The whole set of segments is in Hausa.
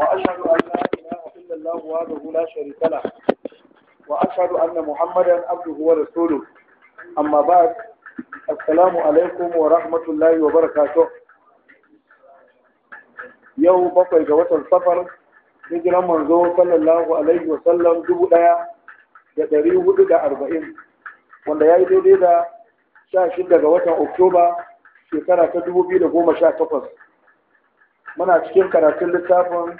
وأشهد أن لا إله إلا الله وحده لا شريك له وأشهد أن محمدا عبده ورسوله أما بعد السلام عليكم ورحمة الله وبركاته يوم بقي جوات السفر hijiran manzo صلى الله عليه وسلم dubu لها da ɗari hudu da arba'in wanda ya yi daidai da sha shida ga watan oktoba shekara ta dubu biyu da goma sha takwas muna cikin karatun littafin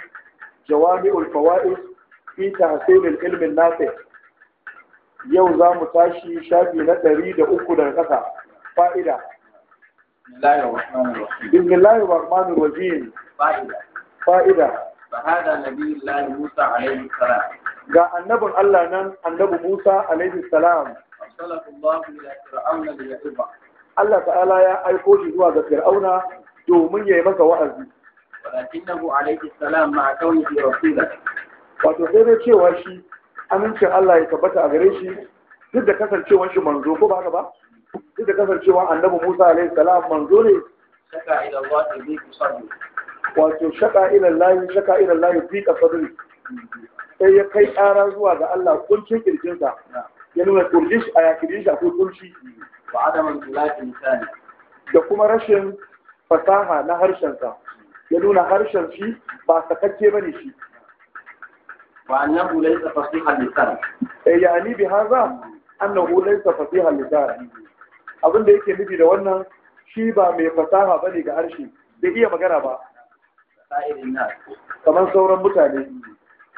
jawami'ul fawaid fi tahsilil ilmin nafi yau za mu tashi shafi na ɗari da uku daga ƙasa fa'ida بسم الله الرحمن الرحيم فائدة فائدة فهذا نبي الله موسى عليه السلام ga annabin Allah nan annabi Musa alaihi salam Allah ta'ala ya aiko shi zuwa ga Fir'auna domin ya yi masa wa'azi lakinnahu alayhi salam ma'a kaunihi rasula wato sai dai cewa shi amincin Allah ya tabbata a gare shi duk da kasancewar shi manzo ko ba haka ba duk da kasancewar annabi Musa alaihi salam manzo ne shaka ila Allah bi sadri wato shaka ila Allah shaka ila Allah bi sadri sai ya kai ƙara zuwa ga Allah kuncin kirjinsa ya nuna turjish a yakirin shi akwai turshi wa adaman tulati misali da kuma rashin fasaha na harshensa ya nuna harshen shi ba sakakke ba ne shi ya ليس فصيح اللسان يعني بهذا أنه ليس فصيح اللسان أظن ده yake nufi da wannan shi ba mai fasaha bane ga harshe bai iya magana ba kamar sauran mutane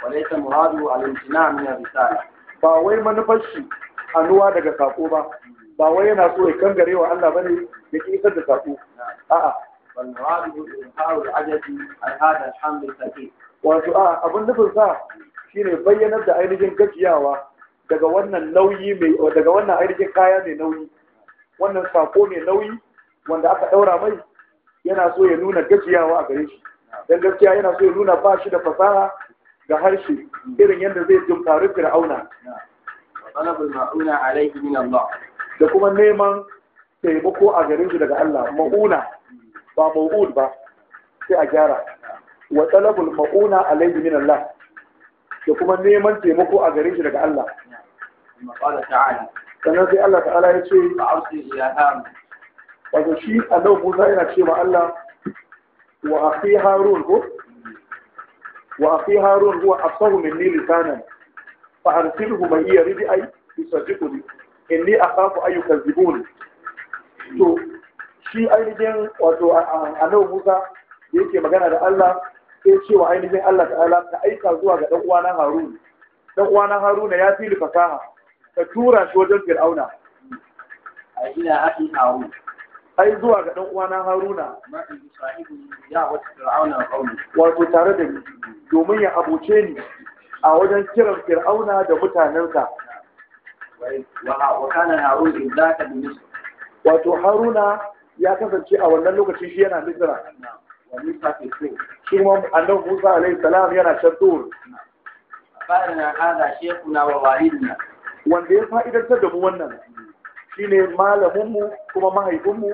walaysa muradu al-imtina min ar-risala ba wai manufar shi anuwa daga sako ba ba wai yana so ya kangarewa Allah bane ya isar da sako a'a فالغالب إظهار العجز عن هذا الحمل الثقيل وسؤال أبو النفس shine bayyanar da ainihin gajiyawa daga wannan nauyi mai daga wannan ainihin kaya mai nauyi wannan sako mai nauyi wanda aka daura mai yana so ya nuna gajiyawa a gare shi dan gaskiya yana so ya nuna ba shi da fasaha ga harshe irin yadda zai dumfari fir'auna talabul ma'una alayhi min Allah da kuma neman taimako a gare shi daga Allah ma'una ba mawud ba sai a gyara wa talabul mauna alayhi min Allah da kuma neman taimako a gare shi daga Allah sannan sai Allah ta'ala ya ce ya wato shi annabi Musa yana ce ma Allah wa akhi Harun ko wa akhi Harun huwa afsahu minni lisanan fa arsilhu ma iya ridi ay yusaddiquni inni akhafu ay yukazzibun to shi ainihin wato nan Musa da yake magana da Allah sai cewa ainihin Allah ta'ala ka aika zuwa ga ɗan'uwana Haruna. ɗan'uwana dan na Haruna ya fi fasaha ka tura shi wajen Fir'auna a ina aki Harun ai zuwa ga ɗan'uwana uwana Haruna ya wata Fir'auna wato tare da ni domin ya abuce ni a wajen kiran Fir'auna da mutanensa wa kana Harun idzaka bi Misr wato Haruna ya kasance a wannan lokacin shi yana Misra shi kuma annabi Musa alaihi salam yana Shaddur fa'ina hada shekuna wa walidina wanda ya fa'idantar da mu wannan shine ne mu kuma mahaifinmu.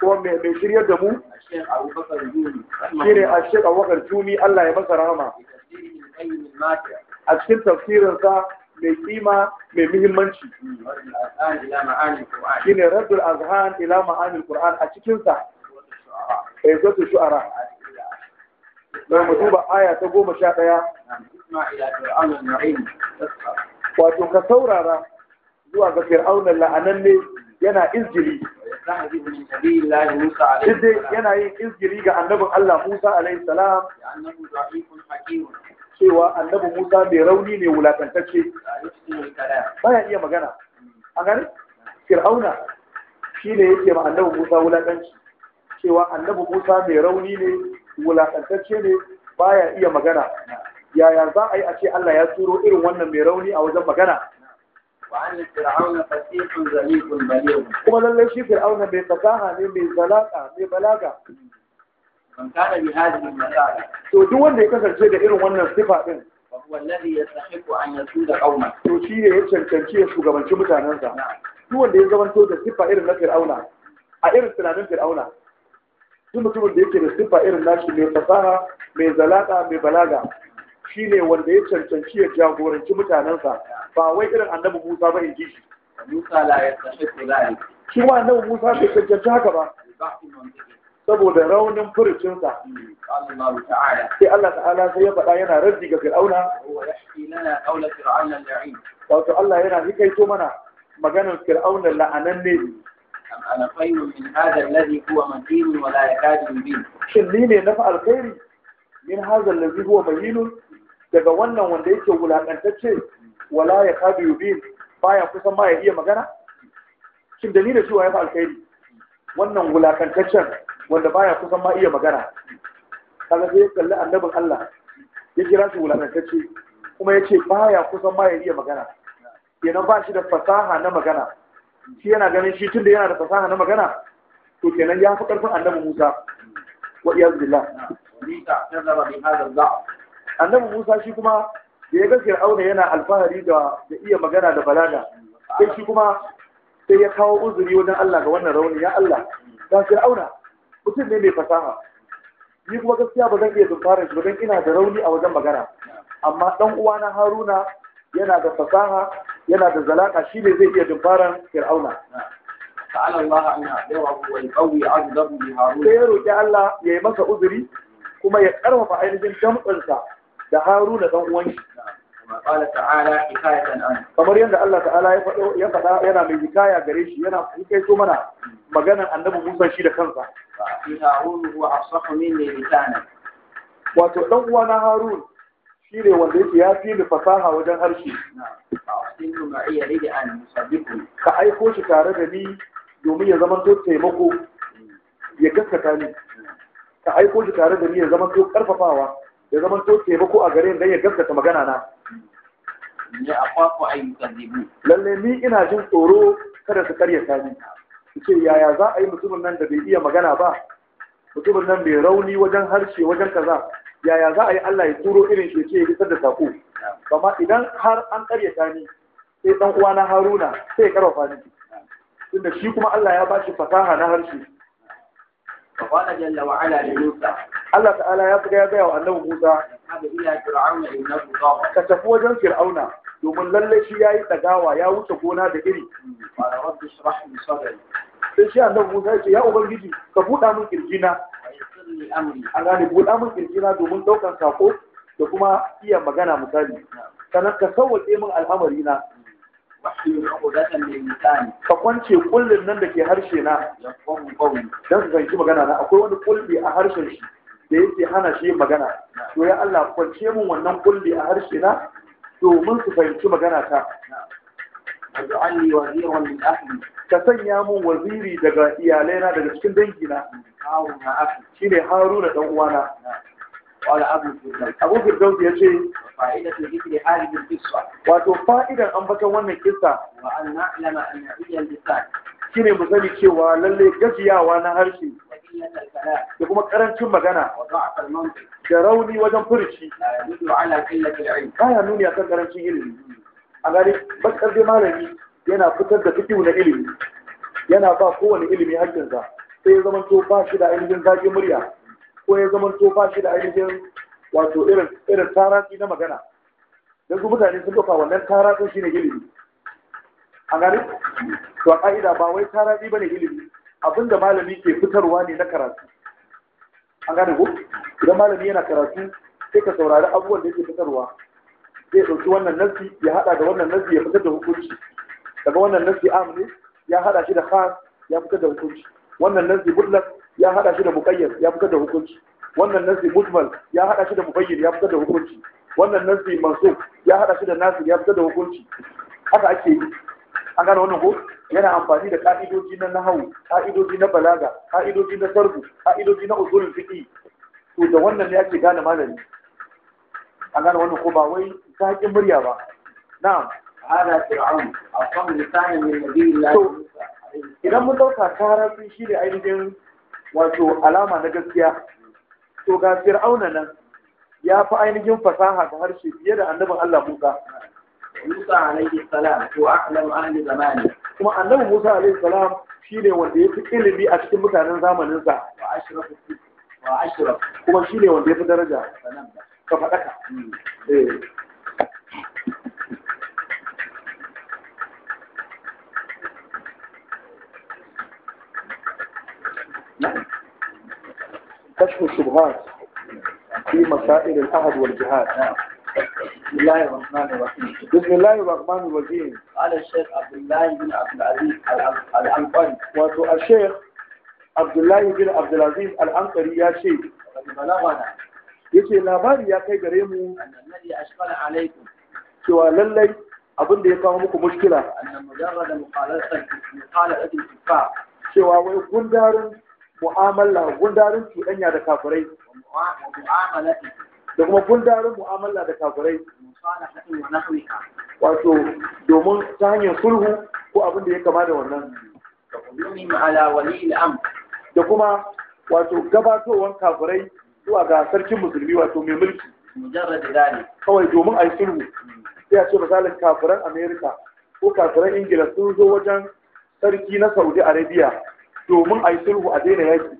kuma mai mai shiryar da mu shine a Sheikh juni Allah ya masa rahama a cikin tafsirinsa mai kima mai muhimmanci ne raddul azhan ila ma'anil qur'an a cikin sa eh zato shu'ara dan mu duba aya ta 11 wato ka saurara zuwa ga la'anan la'ananne yana izgili yana yin izgiri ga annabin Allah Musa alaihi salam cewa annabi Musa mai rauni ne wulakantacce baya iya magana a gani fir'auna shi ne yake ma annabi Musa wulakanci cewa annabi Musa mai rauni ne wulakantacce ne baya iya magana yaya za a yi a ce Allah ya turo irin wannan mai rauni a wajen magana kuma lallai shi fir'auna mai fasaha ne mai zalaka mai balaga to duk wanda ya kasance da irin wannan sifa din wallahi yastahiqu an yasuda qauman to shi ne ya cancanci ya shugabanci mutanansa. duk wanda ya zamanto da siffa irin na fir'auna a irin tunanin fir'auna duk mutumin da yake da siffa irin nashi mai fasaha mai zalaka mai balaga shi ne wanda ya cancanci ya jagoranci mutanansa. ba wai irin annabi musa ba in ji shi musa la yastahiqu zalik shi ma annabi musa bai cancanci haka ba saboda raunin furucinsa sai Allah ta'ala sai ya faɗa yana raddi ga fir'auna wato Allah yana hikaito mana maganar fir'auna la'anan ne أنا خير من هذا الذي هو مهين ولا يكاد يبين shin ni ne nafi alkhairi min haza allazi huwa mahin daga wannan wanda yake wulakantacce wala ya kadu yubin baya kusan ma ya iya magana shin da ni da shi wa fa alkhairi wannan wulakantaccen wanda baya kusan ma iya magana kaga sai ya kalli annabin Allah ya kira shi wulakantacce kuma ya ce baya kusan ma ya iya magana kenan ba shi da fasaha na magana shi yana ganin shi tunda yana da fasaha na magana to kenan ya fi karfin annabi Musa wa iyaz billah annabi Musa shi kuma da ya ga Fir'auna yana alfahari da da iya magana da balaga sai shi kuma sai ya kawo uzuri wajen Allah ga wannan rauni ya Allah ga Fir'auna mutum ne mai fasaha ni kuma gaskiya ba zan iya tunkarar shi ba don ina da rauni a wajen magana amma dan uwana haruna yana da fasaha yana da zalaka shi ne zai iya tunkarar fir'auna Sai Allah an wa bi sai roki Allah ya yi masa uzuri kuma ya ƙarfafa ainihin damtsansa da haruna dan uwan shi kamar yadda Allah ta'ala ya faɗa yana mai hikaya gare shi yana kai so mana maganar annabi Musa shi da kansa wato dan uwa na Harun shi ne wanda yake ya fi ni fasaha wajen harshe ka aiko shi tare da ni domin ya zama taimako ya gaskata ni ka aiko shi tare da ni ya zama karfafawa ya zama taimako a gare ni dan ya gaskata magana na ya lalle ni ina jin tsoro kada su karya sani ce yaya za a yi mutumin nan da bai iya magana ba mutumin nan mai rauni wajen harshe wajen kaza yaya za a yi Allah ya turo irin shi ce ya fitar da sako amma idan har an karya sani sai dan uwa na Haruna sai ya fani ni tunda shi kuma Allah ya bashi fasaha na harshe فقال جل وعلا لموسى الله تعالى يا بغي يا بغي وأنه موسى اذهب إلى فرعون إنه طغى كتفوا فرعون domin lallai shi ya yi ɗagawa ya wuce gona da iri sai shi annabi Musa ya ce ya ubangiji ka buɗa min kirjina a gane buɗa min kirjina domin ɗaukan sako da kuma iya magana misali sannan ka sauwaƙe min alhamari na ka kwance kullum nan da ke harshe na don su fahimci magana na akwai wani kulli a harshen shi da yake hana shi yin magana to ya Allah kwance min wannan kulli a harshe na domin su fahimci magana ta wa waziran min ahli ka sanya mun waziri daga iyalaina daga cikin dangina haruna akhi shine haruna dan uwana wala abu firdaus abu firdaus ya ce fa'idatu dhikri ahli bil qissa wato fa'idan ambaton wannan kissa wa an na'lama anna iyal lisan shine mu sani cewa lalle gajiyawa na harshe da kuma karancin magana wa ba'al mantiq da rauni wajen Ba ya nuni akan karancin ilimi a gari bakar dai malami yana fitar da fikihu na ilimi yana ba kowane ilimi hakkinsa sai ya zama to ba shi da ainihin zagin murya ko ya zama to ba shi da ainihin wato irin irin na magana don su mutane sun dauka wannan shi ne ilimi a gari to a ka'ida ba wai ba ne ilimi abinda malami ke fitarwa ne na karatu an gane ku idan malami yana karatu sai ka saurari abubuwan da yake fitarwa zai ɗauki wannan nasi ya haɗa da wannan nasi ya fitar da hukunci daga wannan nasi amne ya haɗa shi da khas ya fitar da hukunci wannan nasi mutlak ya haɗa shi da muqayyad ya fitar da hukunci wannan nasi mujmal ya haɗa shi da mubayyin ya fitar da hukunci wannan nasi mansub ya haɗa shi da nasir ya fitar da hukunci haka ake yi an gane wannan ko yana amfani da ka'idoji na nahawu ka'idoji na balaga ka'idoji na sarfu ka'idoji na usulul fiqh to da wannan ne ake gane malami an gane wannan ko ba wai zaƙin murya ba na'am hada fir'aun a kan lisanin min nabiyillah idan mun dauka tarafi shi ne ainihin wato alama na gaskiya to ga fir'auna nan ya fi ainihin fasaha da harshe fiye da annabin Allah Musa Musa alaihi salam ko aqlam ahli zamani kuma annabi Musa alaihi salam shine wanda ya fi ilimi a cikin mutanen zamanin sa wa ashrafu wa ashraf kuma shine wanda ya fi daraja ka faɗa ka hmm. eh كشف الشبهات في مسائل العهد والجهاد بسم الله الرحمن الرحيم بسم الله الرحمن الرحيم قال الشيخ عبد labari ya kai gare mu annabi cewa lallai abin ya kawo muku mushkila annan mujarrada muqalatan muqalatin kuffar cewa wai gundarin mu'amala gundarin cuɗanya da kafirai mu'amalatin da kuma gundarin mu'amala da kafirai wato domin ta hanyar sulhu ko abin da ya kama da wannan da kuma wato gabatowar kafirai zuwa ga sarkin musulmi wato mai mulki kawai domin a yi sulhu sai a ce misalin kafiran amerika ko kafiran ingila sun zo wajen sarki na saudi arabia domin a yi sulhu a daina yaki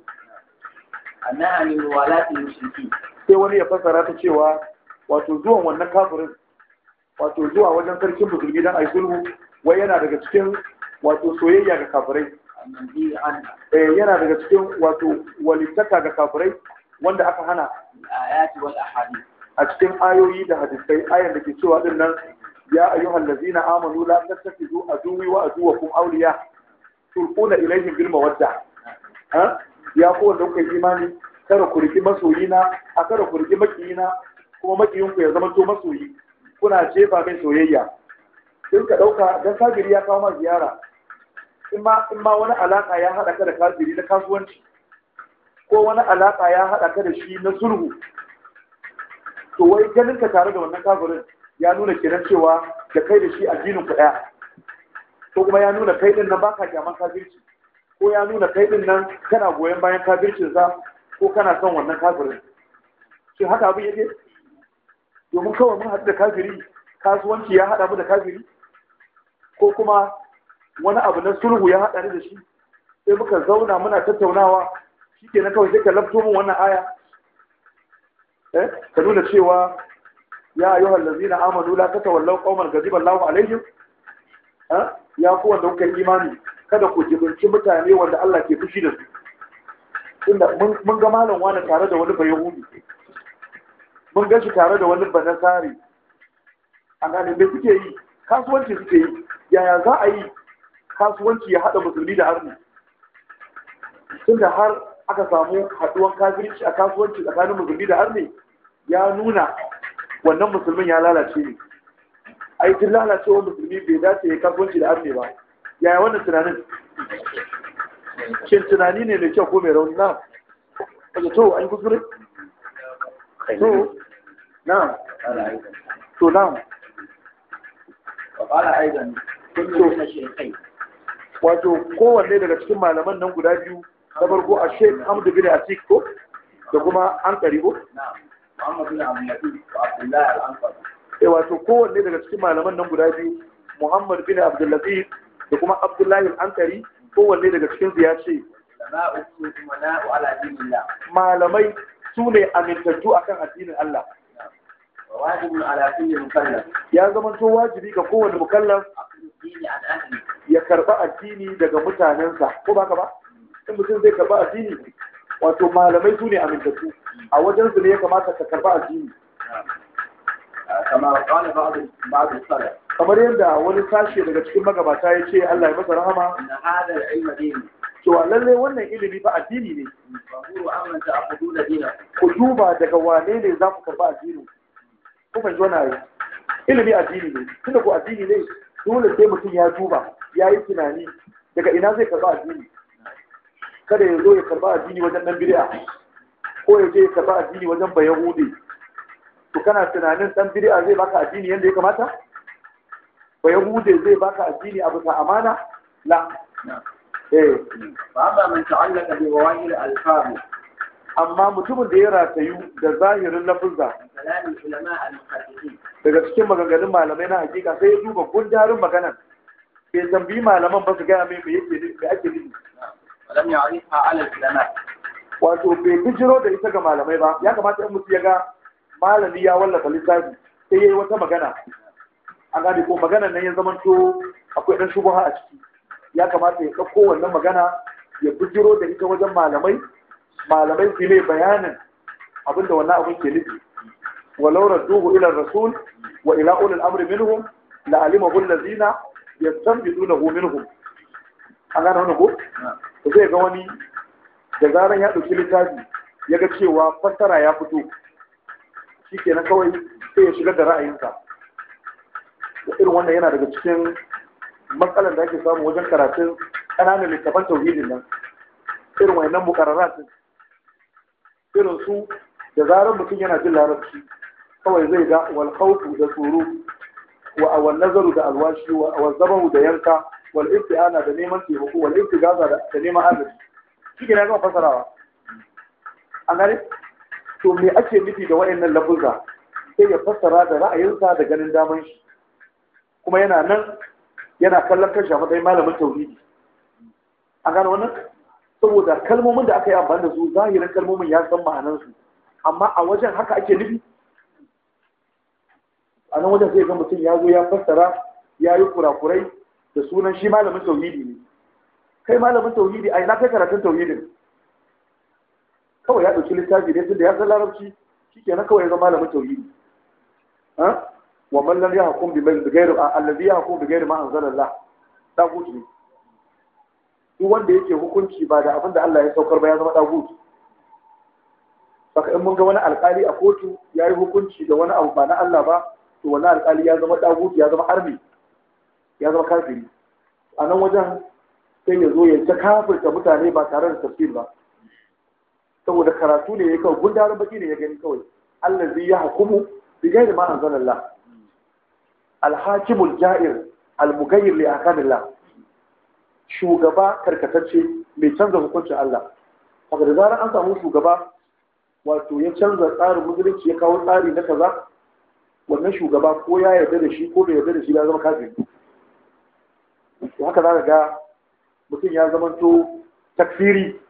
sai wani ya fassara ta cewa wato zuwan wannan kafirin wato zuwa wajen sarkin musulmi don ai sulhu wai yana daga cikin wato soyayya ga kafirai eh yana daga cikin wato walittaka ga kafirai wanda aka hana a cikin ayoyi da hadisai ayan da ke cewa din nan ya ayyuhal ladzina amanu la a zuwi wa aduwwakum awliya tulquna ilayhim bil mawadda ha ya ko da kuka imani kada ku riki masoyina a kada ku riki makiyina kuma makiyinku ya zama to masoyi kuna jefa mai soyayya sai ka ɗauka don kafiri ya kawo ma ziyara in ma wani alaƙa ya haɗa ka da kafiri na kasuwanci ko wani alaƙa ya haɗa ka da shi na sulhu to wai ganin ka tare da wannan kafirin ya nuna kenan cewa da kai da shi addinin ku ɗaya ko kuma ya nuna kai ɗin nan baka kyaman kafirci ko ya nuna kai ɗin nan kana goyon bayan kafircin sa ko kana son wannan kafirin shi haka abin yake domin kawai mun haɗu da kafiri kasuwanci ya haɗa mu da kafiri ko kuma wani abu na sulhu ya haɗa ni da shi sai muka zauna muna tattaunawa shi ke na kawai sai ka lafto mun wannan aya eh? ka nuna cewa ya ayyuhal na amadu la tatawallaw qauman ghadiba Allahu alaihim eh? ya ku wanda kuka imani kada ku jibinci mutane wanda Allah ke fushi da su inda mun ga malam wani tare da wani bayahudi mun ga shi tare da wani banasari a gane me suke yi kasuwanci suke yi yaya za a yi kasuwanci ya haɗa musulmi da arni tunda har aka samu haɗuwan kafirci a kasuwanci tsakanin musulmi da arni ya nuna wannan musulmin ya lalace ne a yi tun lalacewar musulmi bai dace ya kasuwanci da arni ba yaya wannan tunanin shin tunani ne mai kyau ko mai rauni na kaje to an kuskure to na to na wato kowanne daga cikin malaman nan guda biyu na farko a shek hamdu bin atik ko da kuma an ko eh wato kowanne daga cikin malaman nan guda biyu muhammad bin Abdullahi da kuma abdullahi al-ankari kowanne daga cikin su ya ce malamai su ne amintattu a kan addinin Allah ya zama to wajibi ga kowane mukallan ya karba addini daga mutanensa ko ba ka ba in mutum zai karba addini wato malamai su ne amintattu a wajen su ne ya kamata ka karba addini kamar kawai ba'adu salaf kamar yadda wani tashi daga cikin magabata ya ce Allah ya masa rahama to hadal lalle wannan ilimi ba addini ne ku duba daga wane ne za ku karba addini ku fahimci wani ayi ilimi addini ne tunda ku addini ne dole sai mutum ya duba ya yi tunani daga ina zai karɓi addini kada ya zo ya karɓi addini wajen dan bid'a ko ya je ya karɓi addini wajen bayahudi to kana tunanin dan bid'a zai baka addini yadda ya kamata ba ya hude zai baka addini a ta amana la eh ba man ta'allaka bi wawahir al-fam amma mutumin da ya ratayu da zahirin lafuzza daga cikin maganganun malamai na hakika sai ya duba gundarin maganan bai tambayi malaman ba su gaya mai me yake me ake nufi lam ya'rifa 'ala ulama wato bai bijiro da ita ga malamai ba ya kamata in mutum ya ga malami ya wallafa lissafi sai yayi wata magana an gane ko maganar nan ya zamanto akwai ɗan shubuha a ciki ya kamata ya ɗauko wannan magana ya bujiro da ita wajen malamai malamai su mai bayanin abinda wannan abin ke nufi Wa laura duhu ila rasul wa ila ulil amri minhum la alima hul ladina yastanbidunahu minhum an gane wannan ko to zai ga wani da zaran ya ɗauki littafi ya ga cewa fassara ya fito Shi kenan kawai sai ya shigar da ra'ayinsa irin wanda yana daga cikin matsalar da ake samu wajen karatun ƙananan littafan tauhidin nan irin wayannan mukararatin irin su da zarar mutum yana jin larabci kawai zai ga wal khawfu da tsoro wa awal nazaru da alwashi wa awal zabahu da yanka wal ana da neman taimako wal gaza da neman agaji shi ya gama fasarawa an gane to me ake nufi da wayannan lafuzza sai ya fassara da ra'ayinsa da ganin daman shi kuma yana nan yana kallon kanshi a matsayin malamin tauhidi a gano wannan saboda kalmomin da aka yi amfani da su zahirin kalmomin ya san su. amma a wajen haka ake nufi a nan wajen zai ga mutum ya zo ya fassara ya yi kurakurai da sunan shi malamin tauhidi ne kai malamin tauhidi a ina kai karatun tauhidin kawai ya ɗauki littafi ne tunda ya san larabci kenan kawai ya zama malamin tauhidi wa man lam yahkum bi ghayri alladhi yahkum bi ghayri ma Allah, dagutu ne duk wanda yake hukunci ba da abin da Allah ya saukar ba ya zama dagutu saka in mun ga wani alkali a kotu ya yi hukunci da wani abu ba na Allah ba to wani alkali ya zama dagutu ya zama harbi ya zama kafiri a nan wajen sai ya zo ya ta kafirta mutane ba tare da tafsir ba saboda karatu ne ya kawai gundarin baki ne ya gani kawai Allah zai ya hukumu bi gairi ma anzalallah alhakimul ja'ir almugayyir li shugaba karkatacce mai canza hukuncin Allah haka da an samu shugaba wato ya canza tsarin musulunci ya kawo tsari na kaza wannan shugaba ko ya yarda da shi ko bai yarda da shi ya zama kafin haka za ka ga mutum ya to takfiri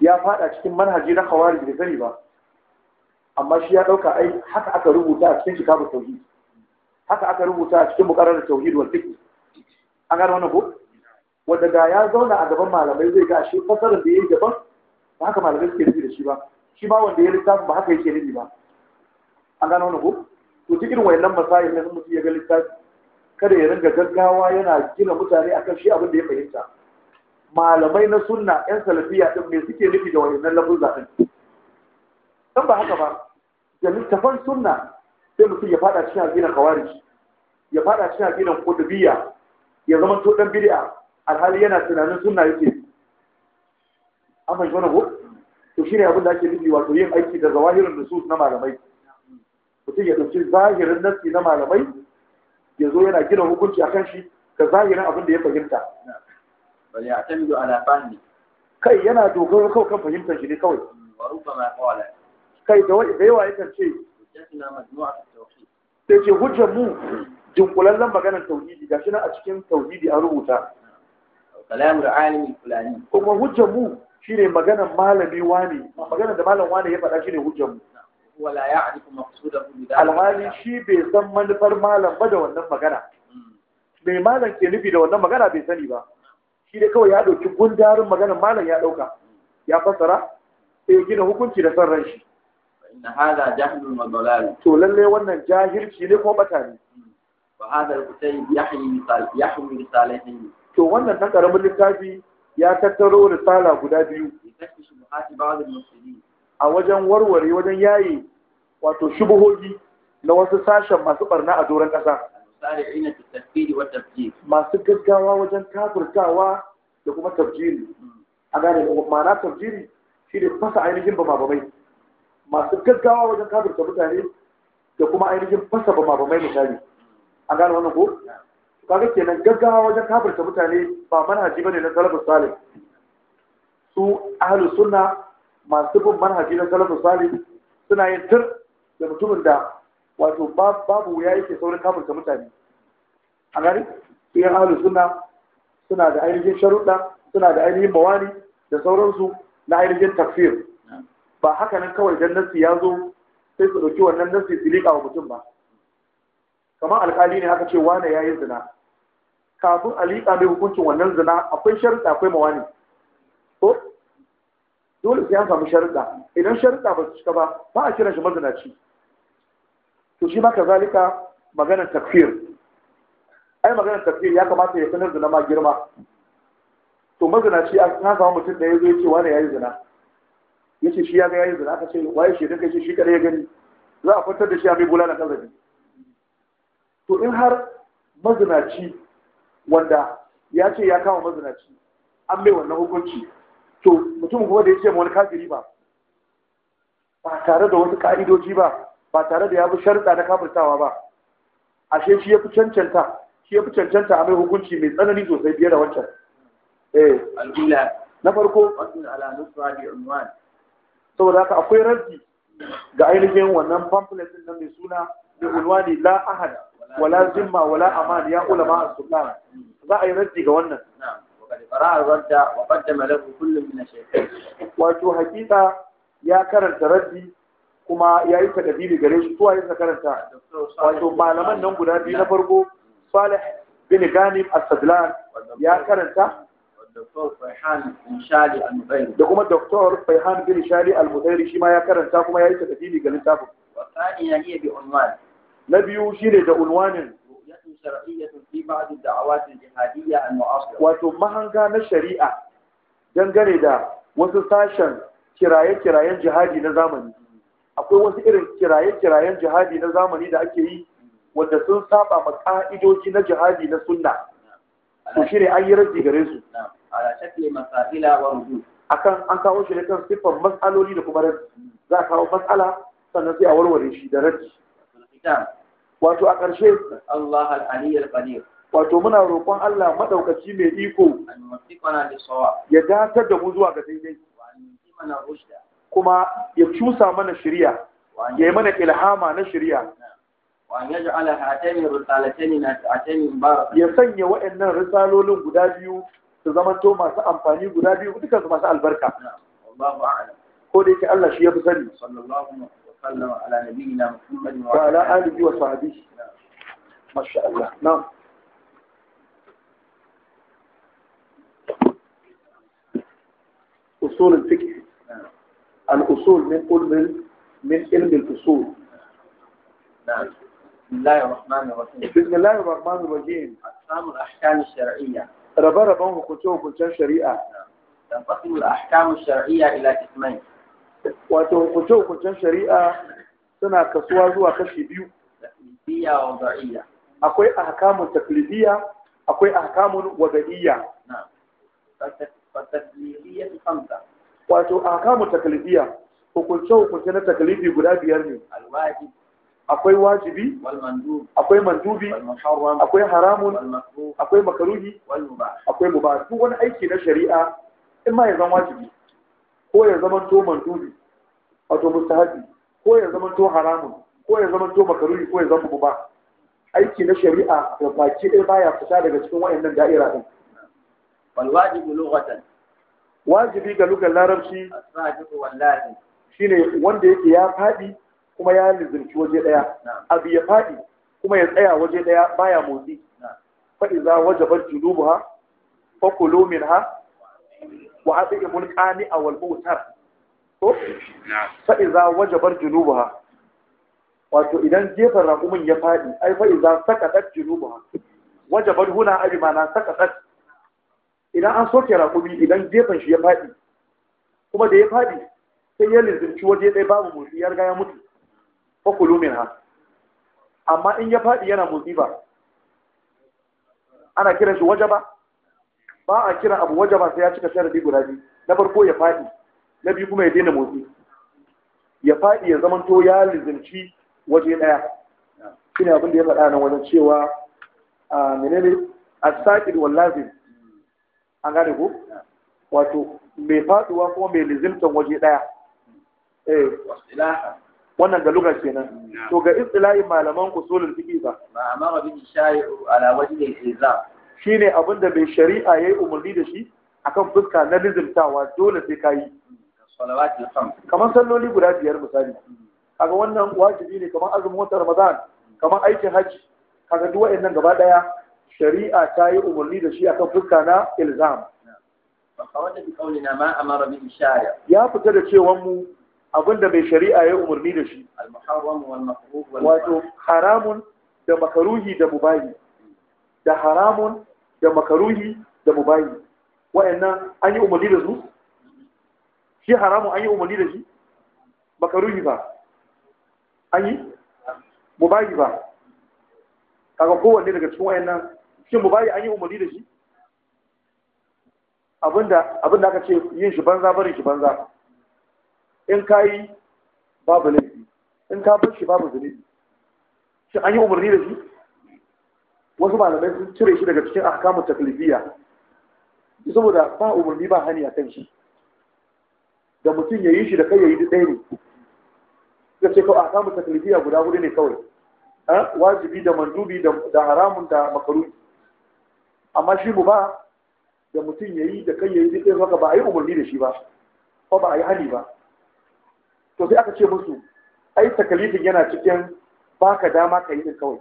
ya fada cikin manhaji na kawari da sani ba amma shi ya dauka ai haka aka rubuta a cikin kitabu tauhid haka aka rubuta a cikin bukarar tauhid wal fiqh an gano wannan ko wanda ga ya zauna a gaban malamai zai ga shi fasarar da yayi daban ba haka malamai suke nufi da shi ba shi ba wanda ya littafin ba haka yake rubuta ba an gano wannan ko to cikin irin wayannan masayin ne mutum ya ga littafi kada ya ringa gaggawa yana gina mutane akan shi abin da ya fahimta malamai na sunna yan salafiya din me suke nufi da wayannan lafuzza din dan ba haka ba da littafan sunna sai mutum ya fada cikin aqidan khawarij ya fada cikin aqidan qutubiyya ya zama to dan bid'a alhali yana tunanin sunna yake amma fahimci wannan to shine abin da ake nufi wato yin aiki da zawahirin nusus na malamai mutum ya dauki zahirin nasi na malamai ya zo yana gina hukunci akan shi da zahirin abin da ya fahimta bal ya'tamidu ala fahmi kai yana dogaro kawai kan fahimtar shi ne kawai kai da yawa yakan ce sai ce hujjar mu dunkulallen maganar tauhidi ga shi nan a cikin tauhidi an rubuta kalamu da alimi fulani kuma hujjar mu shine maganar malami wani maganar da malam wani ya faɗa shine hujjar mu wala ya'rifu maqsudahu bi shi bai san manufar malam ba da wannan magana mai malam ke nufi da wannan magana bai sani ba shi dai kawai ya ɗauki gundarin maganar malam ya ɗauka ya fassara sai gina hukunci da son ran shi inna wannan jahilci ne ko to wannan dan karamin littafi ya tattaro risala guda biyu a wajen warware wajen yayi wato shubuhohi na wasu sashen masu barna a doron ƙasa masu gaggawa wajen kafirtawa da kuma tafjiri mm. a gane ma'ana tafjiri shi ne fasa ainihin bababai. masu gaggawa wajen kafirta mutane da kuma ainihin fasa ba ba mai misali an gane wannan ko kaga kenan gaggawa wajen kafirta mutane ba manhaji bane na salafus salih su ahlu sunna masu bin manhaji na salafus salih suna yin tur da mutumin da wato babu ya yake saurin kafirta mutane a gani su yan ahlu sunna suna da ainihin sharuɗa suna da ainihin bawani da sauransu na ainihin tafsir ba haka nan kawai dan nasi ya zo sai su ɗauki wannan nasi su liƙa wa mutum ba kamar alƙali ne aka ce wane ya yi zina kafin a liƙa mai hukuncin wannan zina akwai sharuɗa akwai mawani ko dole sai an samu sharuɗa idan sharuɗa ba su cika ba ba a kiran shi mazinaci to shi ma kazalika maganar takfir ai maganar takfir ya kamata ya sanar zina ma girma to mazinaci an samu mutum da ya zo ya ce wane ya yi zina yace shi ya ga yayi zina aka ce waye shi kai shi kare ya gani za a kwantar da shi a mai bulala kazabi to in har mazinaci wanda ya ce ya kama mazinaci an mai wannan hukunci to mutum kuma da ya ce ma wani kafiri ba ba tare da wasu ka'idoji ba ba tare da ya bi sharuɗa na kafirtawa ba ashe shi ya fi cancanta shi ya fi cancanta a mai hukunci mai tsanani sosai biyar da wancan eh na farko saboda haka akwai raddi ga ainihin wannan pamphlet din mai suna bi unwani la ahad wala zimma wala aman ya ulama sultan za a yi raddi ga wannan wato hakika ya karanta raddi kuma ya yi tadabiri gare shi zuwa yin karanta wato malaman nan guda biyu na farko salih bin ganim as-sadlan ya karanta da kuma doktor Faihan bin Shari al mudairi shi ma ya karanta kuma ya yi tafsiri ga littafin na biyu shi ne da unwanin wato mahanga na shari'a dangane da wasu sashen kiraye-kirayen jihadi na zamani akwai wasu irin kiraye-kirayen jihadi na zamani da ake yi wanda sun saba ma ka'idoji na jihadi na sunna to shi ne an yi raddi gare su ala shakli masaila wa rudu akan an kawo shi ne kan siffar mas'aloli da kuma raddi za a kawo mas'ala sannan sai a warware shi da raddi wato a ƙarshe Allah al-ali al-qadir wato muna roƙon Allah madaukaci mai iko ya datar da mu zuwa ga daidai kuma ya cusa mana shirya ya yi mana ilhama na shirya ya sanya waɗannan risalolin guda biyu su zama to masu amfani guda biyu dukansu masu albarka ko da yake Allah shi ya fi sani wa ala alihi wa sahbihi masha Allah na'am أصول الفقه الأصول من علم من علم الأصول نعم بسم الله الرحمن الرحيم بسم الله الرحمن الرحيم أقسام الأحكام الشرعية rabe-raben hukunce-hukuncen shari'a wato hukunce-hukuncen shari'a suna kasuwa zuwa kashi biyu taklifiyya wa wada'iyya akwai ahkamun taklifiyya akwai ahkamun wada'iyya taklifiyya khamsa wato ahkamun taklifiyya hukunce-hukunce na taklifi guda biyar ne al-wajib akwai wajibi akwai mandubi akwai haramun akwai makaruhi akwai mubah duk wani aiki na shari'a in ma ya zama wajibi ko ya zama to mandubi wato mustahabi ko ya zama to haramun ko ya zama to makaruhi ko ya zama mubah aiki na shari'a da baki ɗaya baya fita daga cikin wayannan da'ira din wal lughatan wajibi ga lugar larabci shi ne shine wanda yake ya faɗi. kuma ya lizimci waje daya abu ya faɗi kuma ya tsaya waje daya baya motsi fa iza wajabat junubuha fa kulu minha wa atimul qani'a a mutar to fa iza junubu ha? wato idan gefen raƙumin ya faɗi ai fa junubu ha. Waje wajabat huna abi mana sakatat idan an soke raƙumi idan gefen shi ya faɗi kuma da ya faɗi sai ya lizimci waje ɗaya babu motsi ya riga ya mutu fakulu min ha amma in ya faɗi yana musiba ana kiran shi wajaba ba a kiran abu wajaba sai ya cika sharadi guda biyu na farko ya faɗi na biyu kuma ya daina motsi ya faɗi ya to ya lizinci waje ɗaya Kina abin da ya faɗa nan wajen cewa a menene as-saqid wal lazim an gane ko wato mai faduwa kuma mai lizimtan waje ɗaya eh wannan ga lugar kenan to ga istilahi malaman usulul fiqh ba ma'amara bin bi ala wajhi al iza shine abinda da bai shari'a yayi umarni da shi akan fuska na lizimtawa dole sai kayi kamar salloli guda biyar misali kaga wannan wajibi ne kamar azumin watan ramadan kamar aikin hajji kaga duk waɗannan gaba daya shari'a ta yi umarni da shi akan fuska na ilzam ya fita da cewa mu abinda mai shari'a ya umarni da shi wato haramun da makaruhi da mubayi da haramun da makaruhi da mubayi wa'annan an yi umarni da su shi haramun an yi umarni da shi makaruhi ba an yi mubayi ba kaga kowanne daga cikin wa'annan shi mubayi an yi umarni da shi abinda abinda aka ce yin shi banza barin shi banza in ka yi babu laifi in ka bar shi babu zunubi shi an yi umarni da shi wasu malamai sun cire shi daga cikin ahkamu taklifiya saboda ba umarni ba hani a kan shi da mutum ya yi shi da kai ya yi ɗaya ne ya ce kawai ahkamu taklifiya guda hudu ne kawai wajibi da mandubi da haramun da makaru amma shi mu ba da mutum ya yi da kai ya yi ɗaya haka ba a yi umarni da shi ba ko ba a yi hani ba to sai aka ce musu ai takalifin yana cikin baka dama ka yi din kawai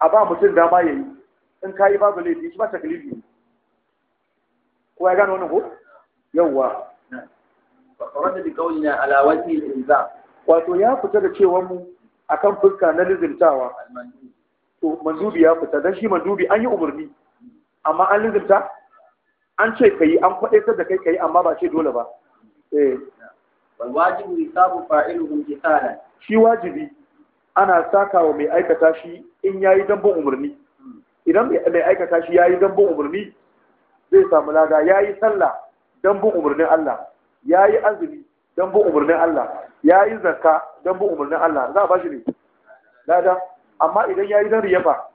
a ba mutum dama ya yi in ka yi babu laifi shi ba takalifi ne ko ya gane wani ko yawwa wanda wato ya fita da cewar mu akan fuska na lizintawa to mandubi ya fita dan shi mandubi an yi umarni amma an lizinta an ce ka yi, an ta da kai ka yi, amma ba ce dole ba eh wal wajibu yusabu fa'iluhum qitalan shi wajibi ana saka wa mai aikata shi in yi dambon umarni idan mai aikata shi ya yi dambon umarni zai samu lada ya yi sallah dambon umarnin Allah ya yi azumi dambon umarnin Allah ya yi zarka dambon umarnin Allah za a bashi ne lada amma idan yi dan riyafa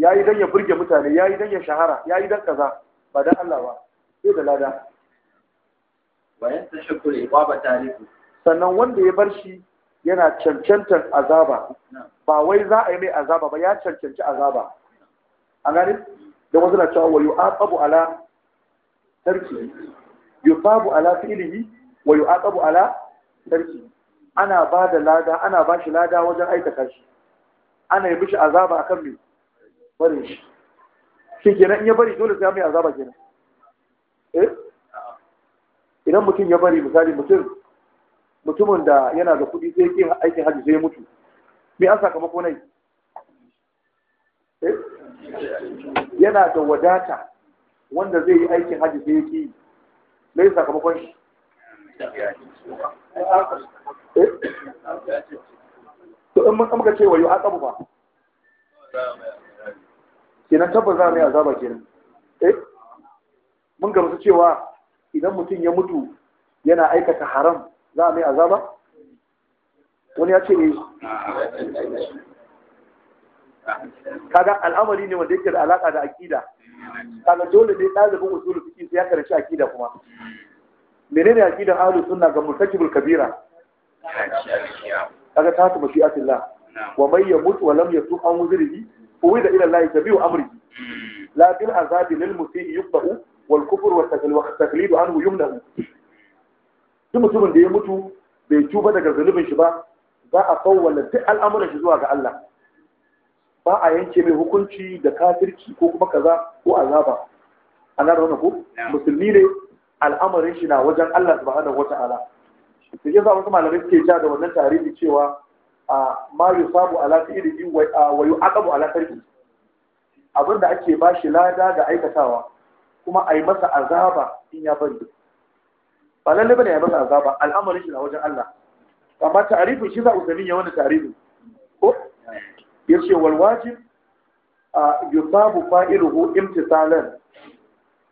ya dan ya burge mutane yi dan ya shahara ya yi dan kaza ba dan Allah ba sai da lada Wayan ta shukure wa ba tariku sannan wanda ya bar shi yana cancantar azaba ba wai za a yi mai azaba ba ya cancanci azaba a gani da wasu na cewa a yu'aqabu ala tarki yu'aqabu ala fi'lihi wa yu'aqabu ala tarki ana ba da lada ana ba shi lada wajen aikata shi ana yi mishi azaba akan mai barin shi shi kenan in ya bari dole sai mai azaba kenan eh idan mutum ya bari misali mutum mutumin da yana da kuɗi sai yake aikin hajji sai ya mutu me an sakamako nai eh? yana da wadata wanda zai yi aikin hajji sai yake yi me sakamakon shi eh? to in muka ce cewa yi aqabu ba kenan tabbas za mu yi azaba kenan eh mun gamsu cewa idan mutum ya mutu yana aikata haram za a mai azaba wani ya ce ne. Eh. kaga al'amari ne wanda yake da alaka da akida kaga dole ne ɗalibin usulul fiqh sai ya karanci akida kuma menene akidan ahlus sunna ga murtakibul kabira kaga ta tuma fi'atillah wa may yamut wa lam yatu an wuzrihi uwida ila allahi tabi'u amri hmm. la bil azabi lil musii yuqba'u والكفر kufur عنه taqlidu ثم ثم ده mutumin da ya mutu bai شي daga zunubin shi ba za a fawwala الله al'amuran shi zuwa ga Allah ba a yanke mai hukunci da kafirci ko kuma kaza ko da ko musulmi ne al'amarin shi na wajen Allah subhanahu wata'ala sai yasa wasu malamai suke ja da wannan tarihi cewa a ma yusabu ala fi'li wa yu'aqabu ala tarki abinda ake bashi lada ga aikatawa kuma a yi masa azaba in ya bari ba lalle ne ya masa azaba al'amarin shi na wajen Allah amma ta'arifin shi za usamin ya wani ta'arifin ko ya wal wajib a yusabu fa'iluhu imtisalan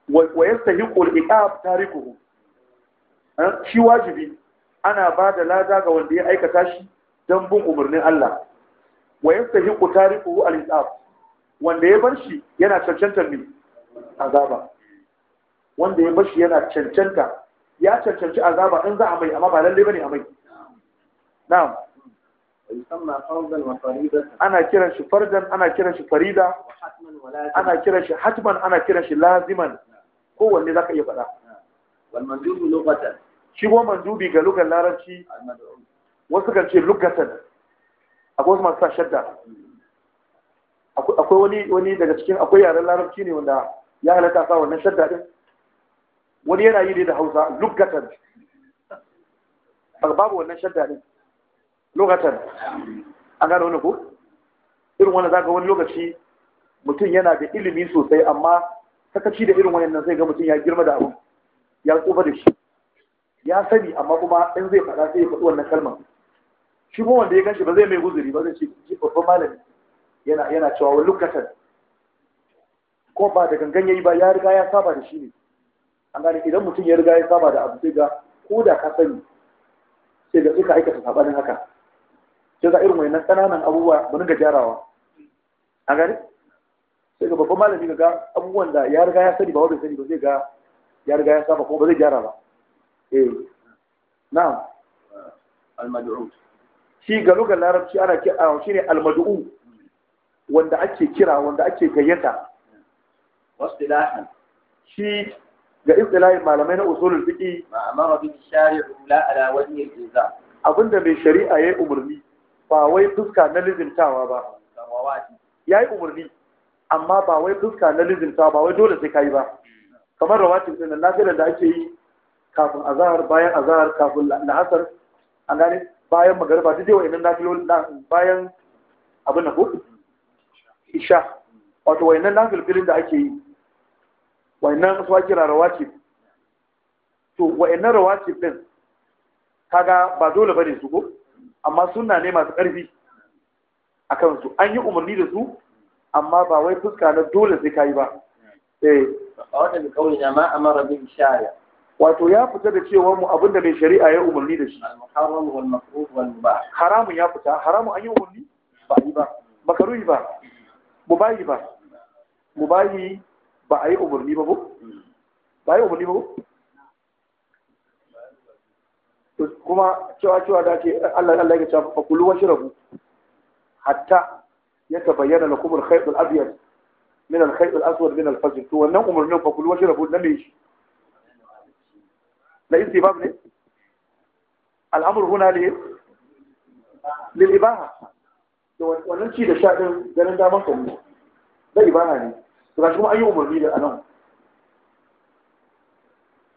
wa yastahiqu al-iqab tarikuhu shi wajibi ana ba da lada ga wanda ya aikata shi don bin umarnin Allah wa yastahiqu tarikuhu al-iqab wanda ya bar shi yana cancantar ne azaba wanda ya bashi yana cancanta ya cancanci azaba in za a mai amma ba lalle bane a mai na'am ana kiran shi farjan ana kiran shi farida ana kiran shi hatman ana kiran shi laziman kowanne zaka iya faɗa wal mandubi lugatan shi ko mandubi ga lugar larabci wasu kan ce lugatan akwai wasu masu sa shadda akwai wani daga cikin akwai yaren larabci ne wanda ya halatta sa wannan shadda din wani yana yi ne da hausa lugatan babu wannan shadda ne lugatan an gane wani ko irin wani zaga wani lokaci mutum yana da ilimi sosai amma sakaci da irin wannan sai ga mutum ya girma da abu ya tsufa da shi ya sani amma kuma in zai faɗa sai ya faɗi wannan kalmar shi kuma wanda ya ganshi ba zai mai guzuri ba zai ce babban malami yana yana cewa wani lokacin ko ba da gangan yayi ba ya riga ya saba da shi ne an gane idan mutum ya riga ya saba da abu sai ga ko da ka sani sai ga suka aikata sabanin haka sai ga irin na ƙananan abubuwa ba ga jarawa, an gane sai ga babban malami ga abubuwan da ya riga ya sani ba wanda sani ba sai ga ya riga ya saba ko ba zai gyara ba eh na'am al shi shi ga larabci ana kira shine al almadu'u wanda ake kira wanda ake gayyata da shi ga istilahin malamai na usulul fiqi ma amara bi shari'u la ala wajhi al-ilzam abinda mai shari'a yayi umarni ba wai fuska na lizintawa ba yayi umarni amma ba wai fuska na lizintawa ba wai dole sai kai ba kamar rawatin din lafiyar da ake yi kafin azhar bayan azhar kafin la'asar an gane bayan magariba duk dai nan nafilolin bayan abin na ko isha wato nan nafilolin da ake yi wa'annan su ake rawatib to wa'annan rawatib din kaga ba dole bane su ko amma sunna ne masu ƙarfi a kansu an yi umarni da su amma ba wai fuska na dole sai kayi ba eh wannan da kawai ma amara bin shari'a wato ya fita da cewa mu abinda mai shari'a ya umarni da shi wal makruh wal mubah haramun ya fita haramun an yi umarni ba yi ba makaruhi ba mubahi ba mubahi ba a yi umarni ba ko ba a yi umarni ba ba? kuma cewa cewa da ke Allah ya ce fa kullu shirabu. hatta yatabayyana bayyana na kuma al abiyar min al-khayt aswad min al-fajr to wannan umarnin fa kullu washrabu na me shi la istibab ne al-amr huna li lil ibaha to wannan ci da sha din ganin daman kanmu da ibaha ne to gashi kuma an yi umarni da anan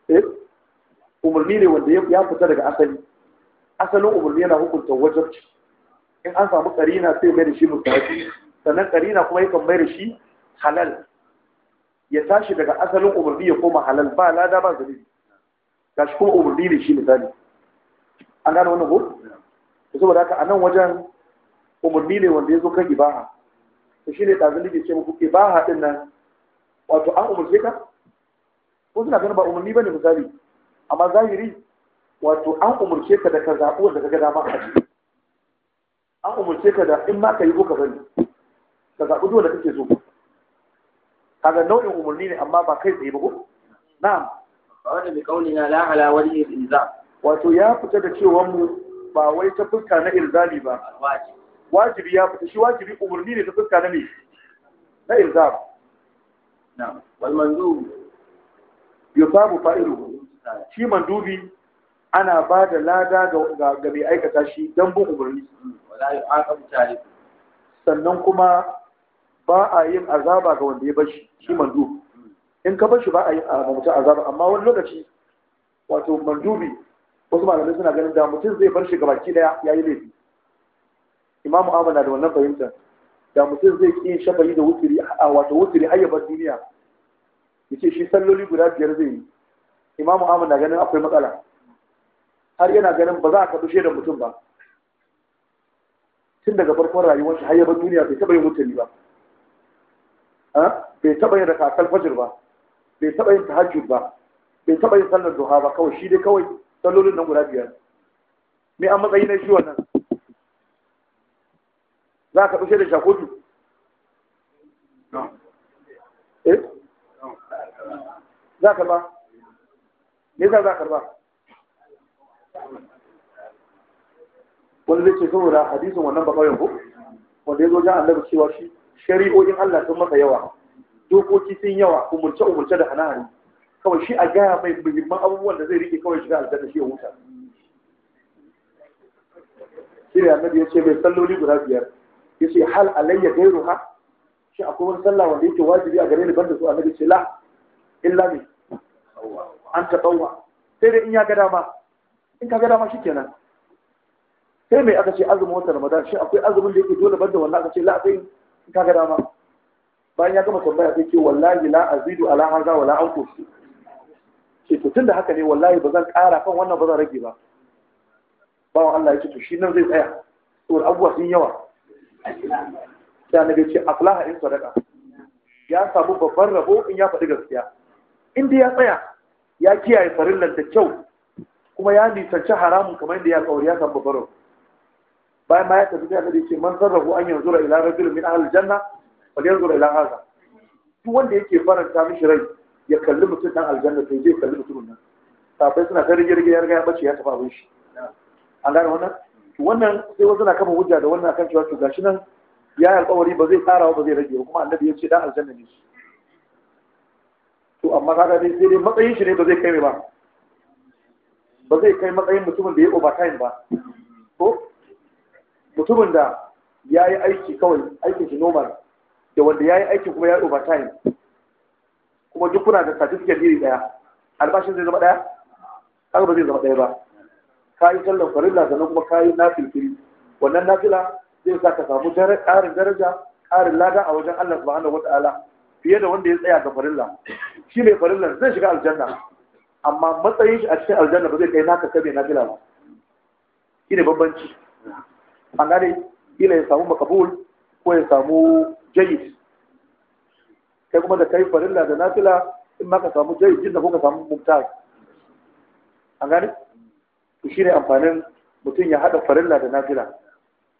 eh umarni ne wanda ya fita daga asali asalin umarni yana hukunta wajabci in an samu karina sai mai da shi mustahabi sannan karina kuma yakan mai da shi halal ya tashi daga asalin umarni ya koma halal ba lada ba zalimi shi kuma umarni ne shi misali an gane wannan ko saboda haka a nan wajen umarni ne wanda ya zo kan ibaha to shine ɗazin nake ce muku eh, ba haɗin nan wato an umarce ka ko suna ganin ba umarni ba ne misali amma zahiri wato an umarce ka da ka zaɓi wanda ka ga dama a ciki an umarce ka da in ma ka yi ko ka bari ka zaɓi duk wanda kake so kaga nau'in umarni ne amma ba kai tsaye ba ko na'am wanda bi kaunina la ala wali wato ya fita da cewa mu ba wai ta fuska na ilzami ba wajibi ya fita shi wajibi umarni ne ta fuska na mai na ba na wal manzum yusabu fa'iluhu shi mandubi ana ba da lada ga mai aikata shi don bin umarni hmm. sannan kuma ba a yin azaba ga wanda ya bashi shi Mandubi. in ka bashi ba a yin mutum azaba amma wani lokaci wato mandubi wasu malamai suna ganin da mutum zai bar shi gabaki daya ya yi laifi Imamu amana na da wannan fahimtar da mutum zai ƙi shafayi da wuturi a wato wutiri hayyabar duniya ce shi salloli guda biyar zai yi Imamu amana na ganin akwai matsala har yana ganin ba za a kaɗu da mutum ba tun daga farkon rayuwar shi hayyabar duniya bai taɓa yin wuturi ba bai taɓa yin rakakal fajir ba bai taɓa yin tahajjud ba bai taɓa yin sallar duha ba kawai shi dai kawai sallolin nan guda biyar me an matsayi na shi wannan za ka ɗauke da shakotu eh za ka ba me yasa za ka ba wani zai ce saboda hadisin wannan ba kawai ko wanda ya zo jan annabi cewa shi shari'o'in Allah sun masa yawa dokoki sun yawa umurce umurce da hana kawai shi a gaya mai muhimman abubuwan da zai rike kawai shiga aljanna shi ya huta shi ne annabi ya ce mai salloli guda biyar yace hal alayya ha? shi akwai wani sallah wanda yake wajibi a gare ni banda su annabi ce la illa ni an tatawwa sai dai in ya ga dama in ka ga dama shikenan sai mai aka ce azumin watan ramadan shi akwai azumin da yake dole banda wannan aka ce la sai in ka ga dama bayan ya gama tambaya sai ke wallahi la azidu ala haza wala anqus ce to tunda haka ne wallahi ba zan ƙara kan wannan ba zan rage ba bawan Allah ya ce to shi nan zai tsaya saboda abubuwa sun yawa sai annabi ce aflaha in sadaka ya samu babban rabo in ya faɗi gaskiya in dai ya tsaya ya kiyaye farillar da kyau kuma ya nisanci haramun kamar yadda ya kauri ya samu babban rabo bayan ma ya tafi sai annabi ce man sarrafu an yanzu ra ila rajul min ahli janna wal yanzu ila hadha duk wanda yake faranta mishi rai ya kalli mutum dan aljanna sai zai kalli mutumin nan sabai suna ta rige rige ya riga ya bace ya tafi abin shi an gane wannan wannan sai wasu na kama hujja da wannan kan cewa to gashi nan ya yi alƙawari ba zai tsara ba zai rage ba kuma annabi ya ce dan aljanna ne to amma kaga dai sai dai matsayin shi ne ba zai kai ba ba zai kai matsayin mutumin da ya overtime ba ko mutumin da ya yi aiki kawai aikin shi normal da wanda ya yi aiki kuma ya yi overtime kuma duk kuna da certificate iri daya albashin zai zama daya kaga ba zai zama daya ba ka yi sallar farilla sannan kuma ka yi nafilfili wannan nafila zai sa ka samu ƙarin daraja ƙarin lada a wajen Allah subhanahu wataala fiye da wanda ya tsaya ga farilla shi mai farilla zai shiga aljanna amma matsayin shi a cikin aljanna ba zai kai naka kai nafila ba shi ne bambanci an gane ila ya samu makabul ko ya samu jayyid kai kuma da kai farilla da nafila in ma ka samu jayyid da ko ka samu muktar an gane to shi ne amfanin mutum ya haɗa farilla da nafila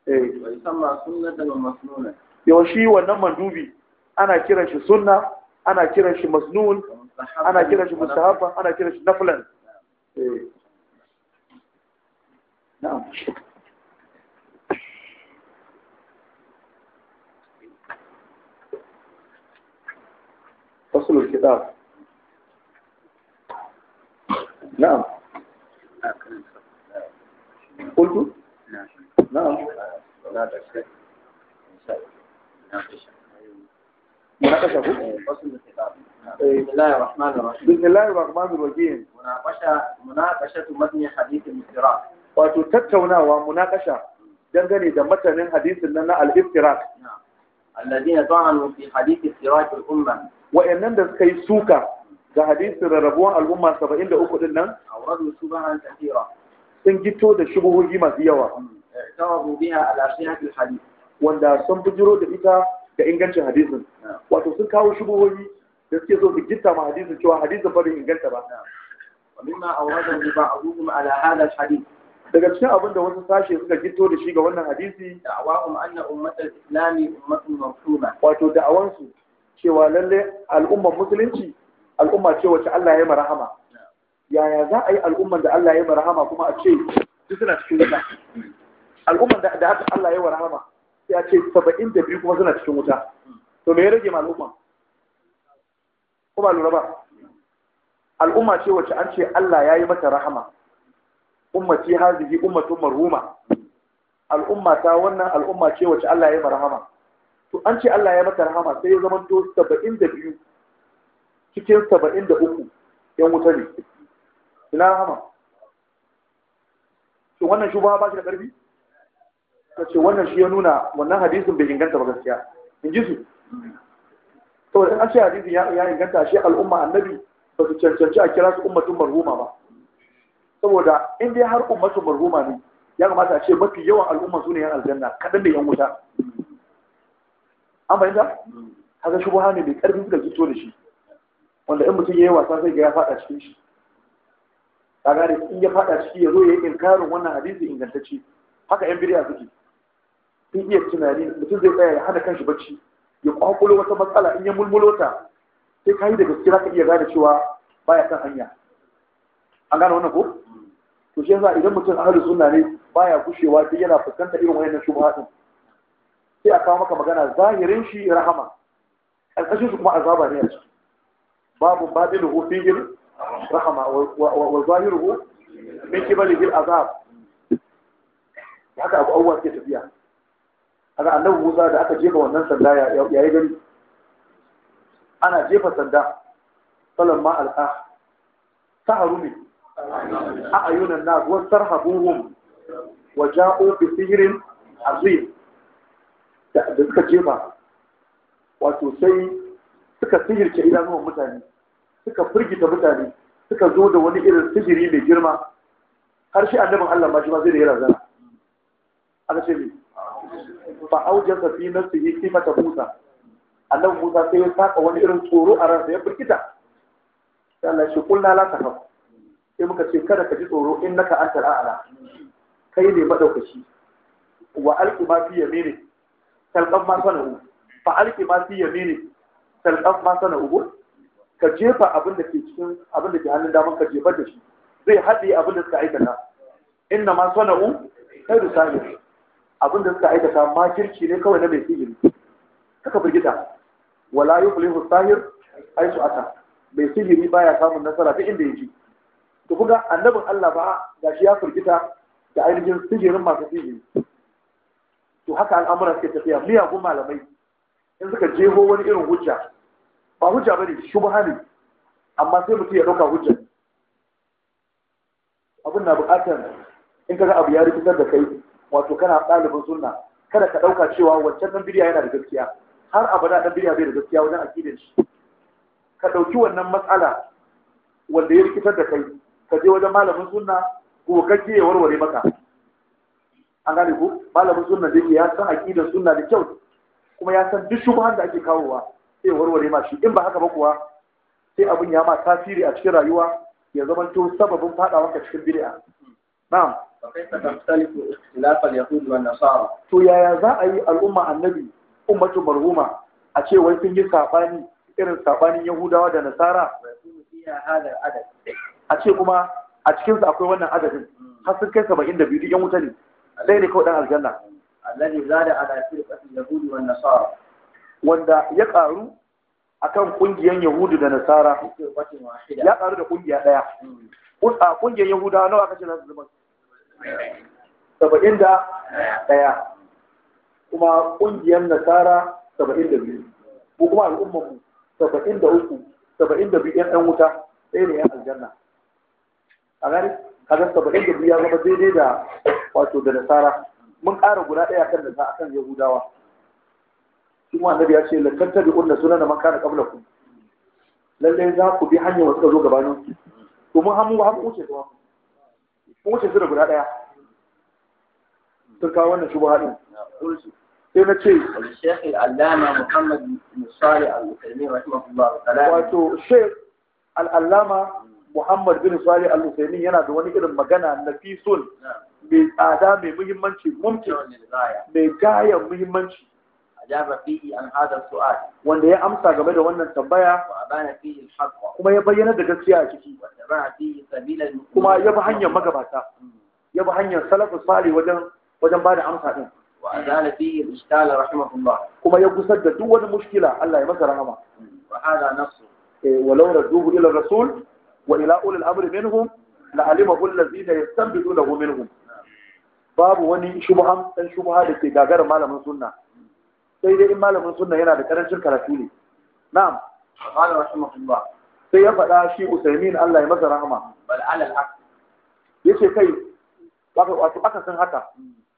eh. yawan shi wannan mandubi ana kiran shi sunna ana kiran shi masnun ana kiran shi mustahabba ana kiran shi nafilan eh. na'am فصل الكتاب Na'am. قلت نعم مناقشة بسم الله الرحمن الرحيم بسم الله الرحمن الرحيم مناقشة مناقشة متن حديث الاستراق wato tattaunawa munakasha dangane da matanin hadisin nan na al-iftirak alladina ta'anu fi hadith iftirak al-umma wa'annan da suka yi suka ga hadisin rarrabuwan al'umma 73 din nan awradu subahan kathira sun gito da shubuhohi masu yawa wanda sun bujiro da ita da ingancin hadisin wato sun kawo shubuhohi da suke zo su gita ma hadisin cewa hadisin farin inganta ba ومما أورده بعضهم على هذا الحديث daga cikin abin da wasu sashe suka gito da shi ga wannan hadisi da'awahum anna ummatul islami ummatun mawsuma wato da'awansu cewa lalle al'ummar musulunci al'umma ce wacce Allah ya yi rahama yaya za a yi al'ummar da Allah ya rahama kuma a ce duk suna cikin wuta al'ummar da aka Allah ya rahama sai a ce saba'in da biyu kuma suna cikin wuta to me ya rage ma al'umma kuma lura ba al'umma ce wacce an ce Allah ya yi mata rahama ummati hazihi ummatun marhuma al'umma ta wannan al'umma ce wacce Allah ya yi rahama to an ce Allah ya mata rahama sai ya zama to saba'in da biyu cikin saba'in da uku yan wuta ne ina Hama? shin wannan shi ba shi da ƙarfi ka ce wannan shi ya nuna wannan hadisin bai inganta ba gaskiya in ji su saboda an ce hadisin ya inganta shi al'umma annabi ba su cancanci a kira su ummatun marhuma ba saboda in dai har ummatun marhuma ne ya kamata a ce mafi yawan al'umma su ne yan aljanna kaɗan da yan wuta an fahimta haka shubha ne mai ƙarfi suka fito da shi wanda in mutum ya yi wasa sai ga ya faɗa cikin shi kaga in ya fada ciki ya zo ya yi inkarin wannan hadisi ingantacce haka yan bid'a suke sun iya tunani mutum zai tsaya ya hana kanshi bacci ya kwakulo wata matsala in ya mulmulo ta sai ka yi da gaskiya ka iya gane cewa baya kan hanya an gane wannan ko to shi yasa idan mutum ahlus sunna ne baya gushewa sai yana fuskanta irin wayannan shubha sai a kawo maka magana zahirin shi rahama ƙarƙashin su kuma azaba ne a ciki babu badilu hu fihir rahama wa zahiruhu min kibalihi al'azab haka abu abubuwa suke tafiya kaga annabi Musa da aka jefa wannan sanda ya yi gani ana jefa sanda falamma alqa saharu ne a ayunan nas wa sarhabuhum wa ja'u bi sihrin da suka jefa wato sai suka sihirce idanuwan mutane suka firgita mutane suka zo da wani irin sijiri mai girma har shi annabin Allah ma shi ma zai da yara zana aka ce mai fa aujan sa fi fi mata Musa annabin Musa sai ya saka wani irin tsoro a ransa ya firgita sai Allah shi kullu la takhaf sai muka ce kada ka ji tsoro in innaka antal a'la kai ne madaukaci wa alqi ma fi yamini talqaf ma sana'u fa alqi ma fi yamini talqaf ma sana'u ka jefa abin da ke cikin abin da ke hannun damar ka jefar da shi zai haɗe abin da suka aikata inna ma Sai da sami abin da suka aikata ma kirki ne kawai na mai sihiri kaka firgita wala yuflihu sahir su ata mai sihiri baya samun nasara ta inda ya ji. to kuga annabin Allah ba shi ya firgita da ainihin sihirin masu sihiri to haka al'amuran suke tafiya miyagun malamai in suka jeho wani irin hujja ba hujja bane shubha ne amma sai mutum ya dauka hujja abin na bukatar in ga abu ya rikitar da kai wato kana ɗalibin sunna kada ka ɗauka cewa wancan dan bidiya yana da gaskiya har abada dan bidiya bai da gaskiya wajen akidar shi ka dauki wannan matsala wanda ya rikitar da kai ka je wajen malamin sunna ke ya warware maka an gane ko malamin sunna da ke ya san aqidar sunna da kyau kuma ya san duk shubhan da ake kawowa sai warware ma shi in ba haka ba kuwa sai abin ya ma tasiri a cikin rayuwa ya zama to sababin fadawa ka cikin bid'a na'am to yaya za a yi al'umma annabi ummatu marhuma a ce wai sun yi sabani irin sabanin yahudawa da nasara a ce kuma a cikinsu akwai wannan adadin har sun kai saba'in da biyu yan wuta ne sai ne kawai dan aljanna alladhi zada ala firqati yahudi wan nasara wanda ya karu akan ƙungiyar yahudu da nasara ya karu da kungiya daya a kungiyan yahuda nawa kace za zama saba'in da daya kuma ƙungiyar nasara saba'in da biyu ko kuma al'ummar mu saba'in da uku saba'in da biyu yan wuta ɗaya ne yan aljanna a gani kaga saba'in da biyu ya zama daidai da wato da nasara mun ƙara guda ɗaya kan da akan yahudawa kuma annabi ya ce la da na sunan man kana ku lalle za ku bi hanyar wasu zo gabanin ku domin hamu ba wuce ce zuwa ku wuce su da guda daya sun kawo wannan shubu din sai na ce Sheikh Al-Allama Muhammad bin Salih Al-Uthaymeen rahimahullah ta'ala wato Sheikh Al-Allama Muhammad bin Salih Al-Uthaymeen yana da wani irin magana na fisun mai tsada mai muhimmanci mumkin mai gaya muhimmanci jan wanda ya amsa game da wannan tambaya wa abana kuma ya bayyana da gaskiya a ciki wa tabana fihi kuma ya bi hanyar magabata ya bi hanyar salafu salih wajen wajen bada amsa din kuma ya gusar da duk wani mushkila Allah ya masa rahama wa hada nafsu ولو ردوه إلى الرسول وإلى أولي الأمر منهم لعلمه الذين يستنبطونه منهم babu wani shubha dan shubha da ke gagara malamin sunna sai dai in malamin sunna yana da karancin karatu ne na'am qala rahimahullah sai ya faɗa shi usaimin Allah ya masa rahama bal alal haq yace kai wato aka san haka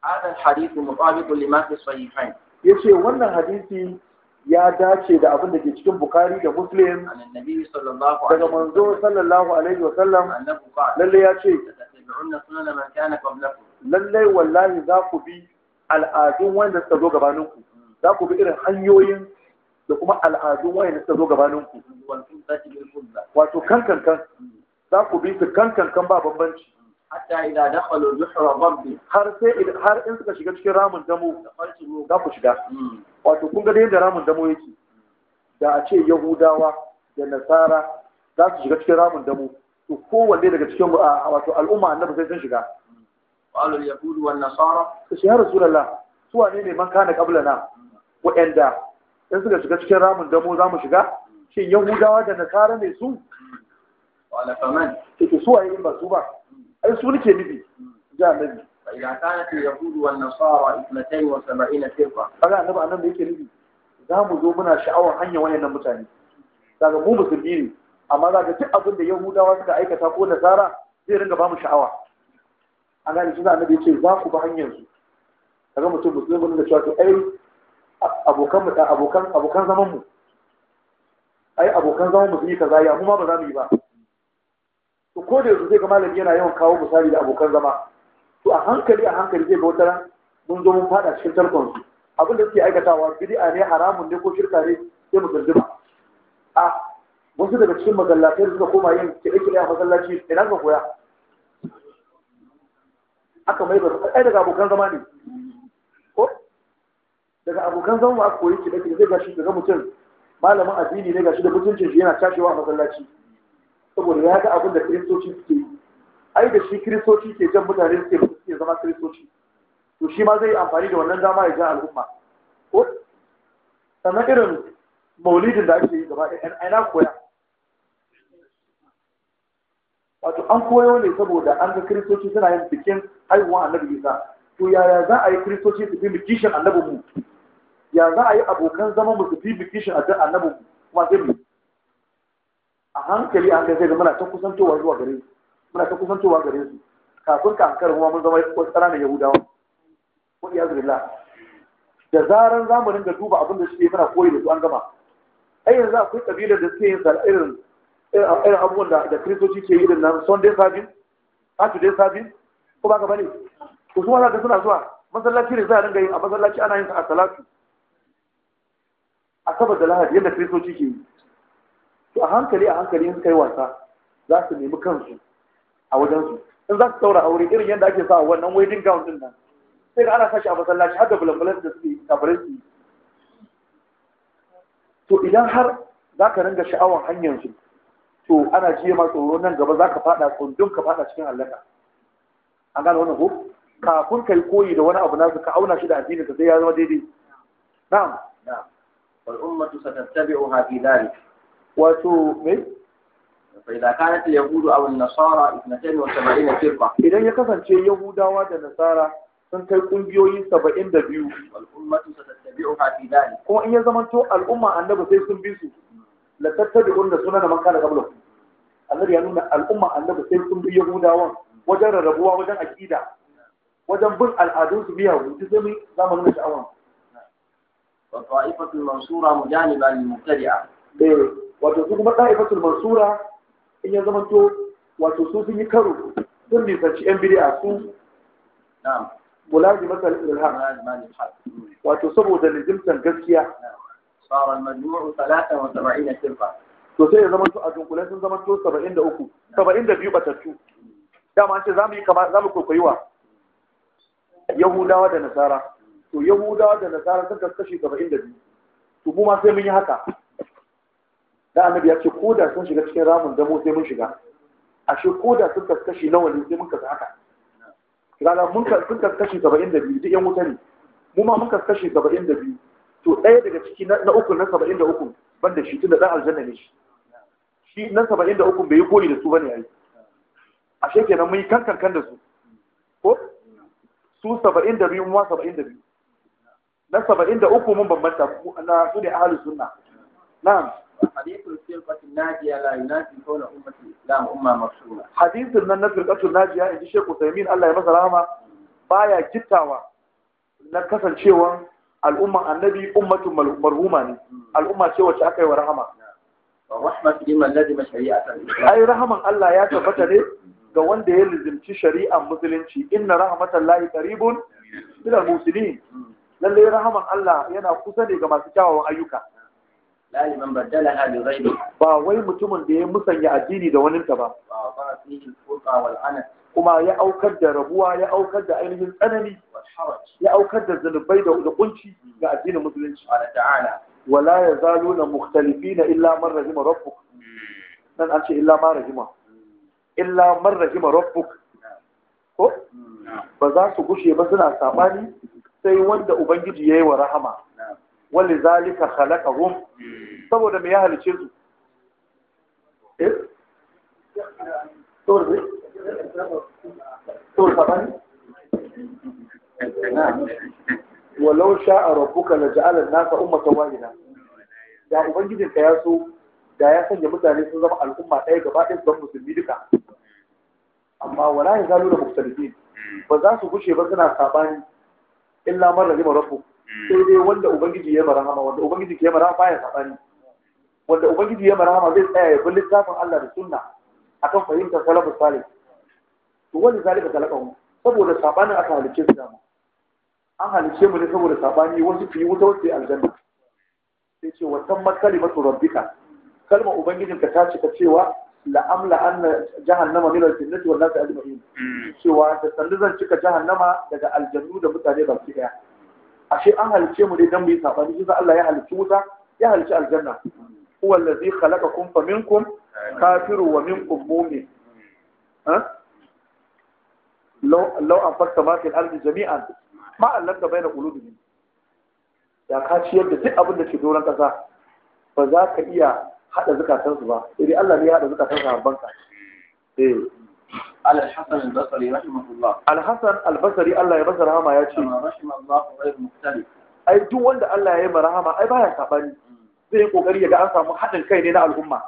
هذا الحديث مطابق لما في الصحيحين yace wannan hadisi ya dace da abin da ke cikin Bukhari da Muslim daga manzo sallallahu alaihi wa sallam lalle ya ce lalle wallahi za ku bi al'adun wanda suka zo gabaninku za ku bi irin hanyoyin da kuma al'adun da suka zo gabaninku wato kan kankan za ku bi su kan kankan ba bambanci hatta idan dakhalu zuhra rabbi har sai har in suka shiga cikin ramin damo za ku shiga hmm. wato kun ga da yadda ramin damo yake da a ce yahudawa da nasara za su shiga cikin ramin damo to kowanne daga cikin wato al'umma annabi sai sun shiga qalu yahudu wan nasara sai ya rasulullah su wane ne man kana qablana waɗanda in suka shiga cikin ramin damo za mu shiga shin yahudawa da nasara ne su wala faman su waye ba su ba ai su nake nufi ja nabi idan kana ta yahudu wan nasara 72 firqa kaga annabi annabi yake nufi za mu zo muna sha'awar hanyar wayannan mutane daga mu musulmi ne amma za ka duk abin da yahudawa suka aikata ko nasara zai ringa ba mu sha'awa a gane suna annabi ce za ku ba hanyar su kaga mutum musulmi ne da cewa to ai Eh, abokan abokan abokan zaman mu ai abokan zaman mu sun yi kaza ya mu ma ba za mu yi ba to ko da yanzu zai ga malami yana yawan kawo misali da abokan zama to a hankali a hankali zai ga wata mun zo mun fada cikin tarkon su abin da suke aikatawa bid'a ne haramun ne ko shirka ne sai mu zargima a wasu daga cikin magallatai suka koma yin kiɗe-kiɗe a masallaci ina ka koya aka mai ba ai daga abokan zama ne daga abokan zama a koyi kiɗa kiɗa zai gashi daga mutum malamin addini ne gashi da mutuncin shi yana cashewa a masallaci saboda ya ga abin da kiristoci suke yi ai da shi kiristoci ke jan mutane suke suke zama kiristoci to shi ma zai yi amfani da wannan dama ya ja al'umma ko sannan irin maulidin da ake yi gaba ɗaya aina koya wato an koyo ne saboda an ga kiristoci suna yin bikin haihuwa annabi isa to yaya za a yi kiristoci su bi mu kishin mu? ya za a yi abokan zama mu su biki shi a annabi kuma sai mu a hankali an kai sai da muna ta kusantowa zuwa gare su muna ta kusantowa gare su kafin ka ankara kuma mun zama wasu ƙananan yahudawa ko iya zurila da zaran za mu ringa duba abin da suke muna koyi da su an gama ai yanzu akwai ƙabilar da suke yin irin irin abubuwan da da kiristoci ke yi irin na sunday serving saturday serving ko ba ka bane to su da suna zuwa masallaci ne za a dinga yin a masallaci ana yin a salatu asabar da lahadi yadda kiristoci ke yi to a hankali a hankali in kai wasa za su nemi kansu a wajensu in za su saura aure irin yadda ake sa wannan wedding gown din nan sai ga ana sashi a masallaci har da bulambulan da suke kafirin su to idan har za ka ringa sha'awar hanyar su to ana jiye ma tsoro nan gaba za ka fada kundin ka fada cikin allaka an gane wannan ko kafin kai koyi da wani abu nasu ka auna shi da addinin ka sai ya zama daidai na'am na'am والأمة ستتبعها في ذلك وتؤمن فإذا كانت اليهود أو النصارى 72 Idan إذا يكفن شيء da Nasara, sun kai kungiyoyi saba'in da biyu. Al'ummatu satattabi'uha fi dhalik. Kuma in ya zama to al'umma annabi sai sun bisu su. La tattabi'un da sunan man kana qabla ku. Annabi ya nuna al'umma annabi sai sun bi Yahudawan wajen rarrabuwa wajen akida wajen bin al'adun su biya wuce sai mu zamanin sha'awan. wa ta'ifatul mansura mujaniba lil mubtadi'a eh wato su kuma ta'ifatul mansura in ya zama wato sun yi karo sun nisanci yan bid'a su na'am mulaji masal saboda صار المجموع 73 فرقة to sai ya zama a dunkule sun zama to 73 72 batattu dama ce za mu yi kama za mu kokoyi yahudawa da nasara to yahuda da nasara sun kaskashi saba'in da biyu to mu ma sai mun yi haka da annabi ya ce ko da sun shiga cikin ramin damo sai mun shiga ashe ko da sun kaskashi nawa ne sai mun kasa haka kaga mun sun kaskashi saba'in da biyu duk yan wuta ne mu ma mun kaskashi saba'in da biyu to ɗaya daga ciki na uku na saba'in da uku ban da shi tun da ɗan aljanna ne shi shi na saba'in da uku bai yi koyi da su bane yayi ashe kenan mun yi kankan kan da su ko su saba'in da biyu mu ma saba'in da biyu na saba'in da uku mun bambanta na su ne ahalus sunna na'am hadithul firqatin najiya la yunafi qawla ummati islam umma mafsula hadithun nan na firqatul najiya inji Sheikh Uthaymeen Allah ya masa rahama baya kittawa na kasancewan al'umma annabi ummatun marhuma ne al'umma ce wacce aka yi wa rahama ai rahaman Allah ya tabbata ne ga wanda ya lizimci shari'ar musulunci inna rahmatallahi qaribun min al-muslimin lallai rahaman Allah yana kusa ne ga masu kyawawan ayyuka laliman baddala ha bi ghairi ba wai mutumin da ya musanya addini da wani ta ba kuma ya aukar da rabuwa ya aukar da ainihin tsanani ya aukar da zunubai da kunci ga addinin musulunci wala yazaluna mukhtalifina illa man rahima rabbuk hmm. nan an ce illa ma rahima illa man rahima rabbuk hmm. ko hmm. ba za su gushe ba suna sabani sai wanda ubangiji yayi wa rahama wani zalika khalaqahum hmm. saboda me ya halice su eh walau sha'a rabbuka nasa da ubangijin ya so da ya sanya mutane sun zama al'umma ɗaya gaba ɗin don musulmi duka amma wala ya zalu da mukhtalifin hmm. ba za su gushe ba suna sabani illa man rahima rabbu hmm. sai dai wanda ubangiji ya marhama wanda ubangiji ke marhama baya sabani wanda ubangiji ya marhama zai tsaya ya bin littafin Allah da sunna akan fahimtar salafus salih to wani zalika mu. saboda sabani aka halice su dama an halice mu ne saboda sabani wasu fi wuta wasu aljanna sai ce wa tammat kalimatu rabbika kalma ubangijinka ta cika cewa la'amla an jahannama ne al-jinnati wan nasi ajma'in hmm. cewa da sandu zan cika jahannama daga aljannu da mutane ba su daya ashe an halice mu ne dan mu yi sabani shi Allah ya halicci wuta ya halicci aljanna huwa allazi khalaqakum fa minkum kafiru wa minkum mu'min ha law law anfaqta ma fil ardi jami'an ma allaka baina qulubihim ya ka ciyar da duk abin da ke doron kasa ba za ka iya haɗa zukatansu ba sai dai Allah ne ya haɗa zukatan sahabban ka eh Al-Hasan al-Basri Allah ya basara ya ce ai duk wanda Allah ya yi rahama ai baya sabani zai yi kokari ya ga an samu haɗin kai ne na al'umma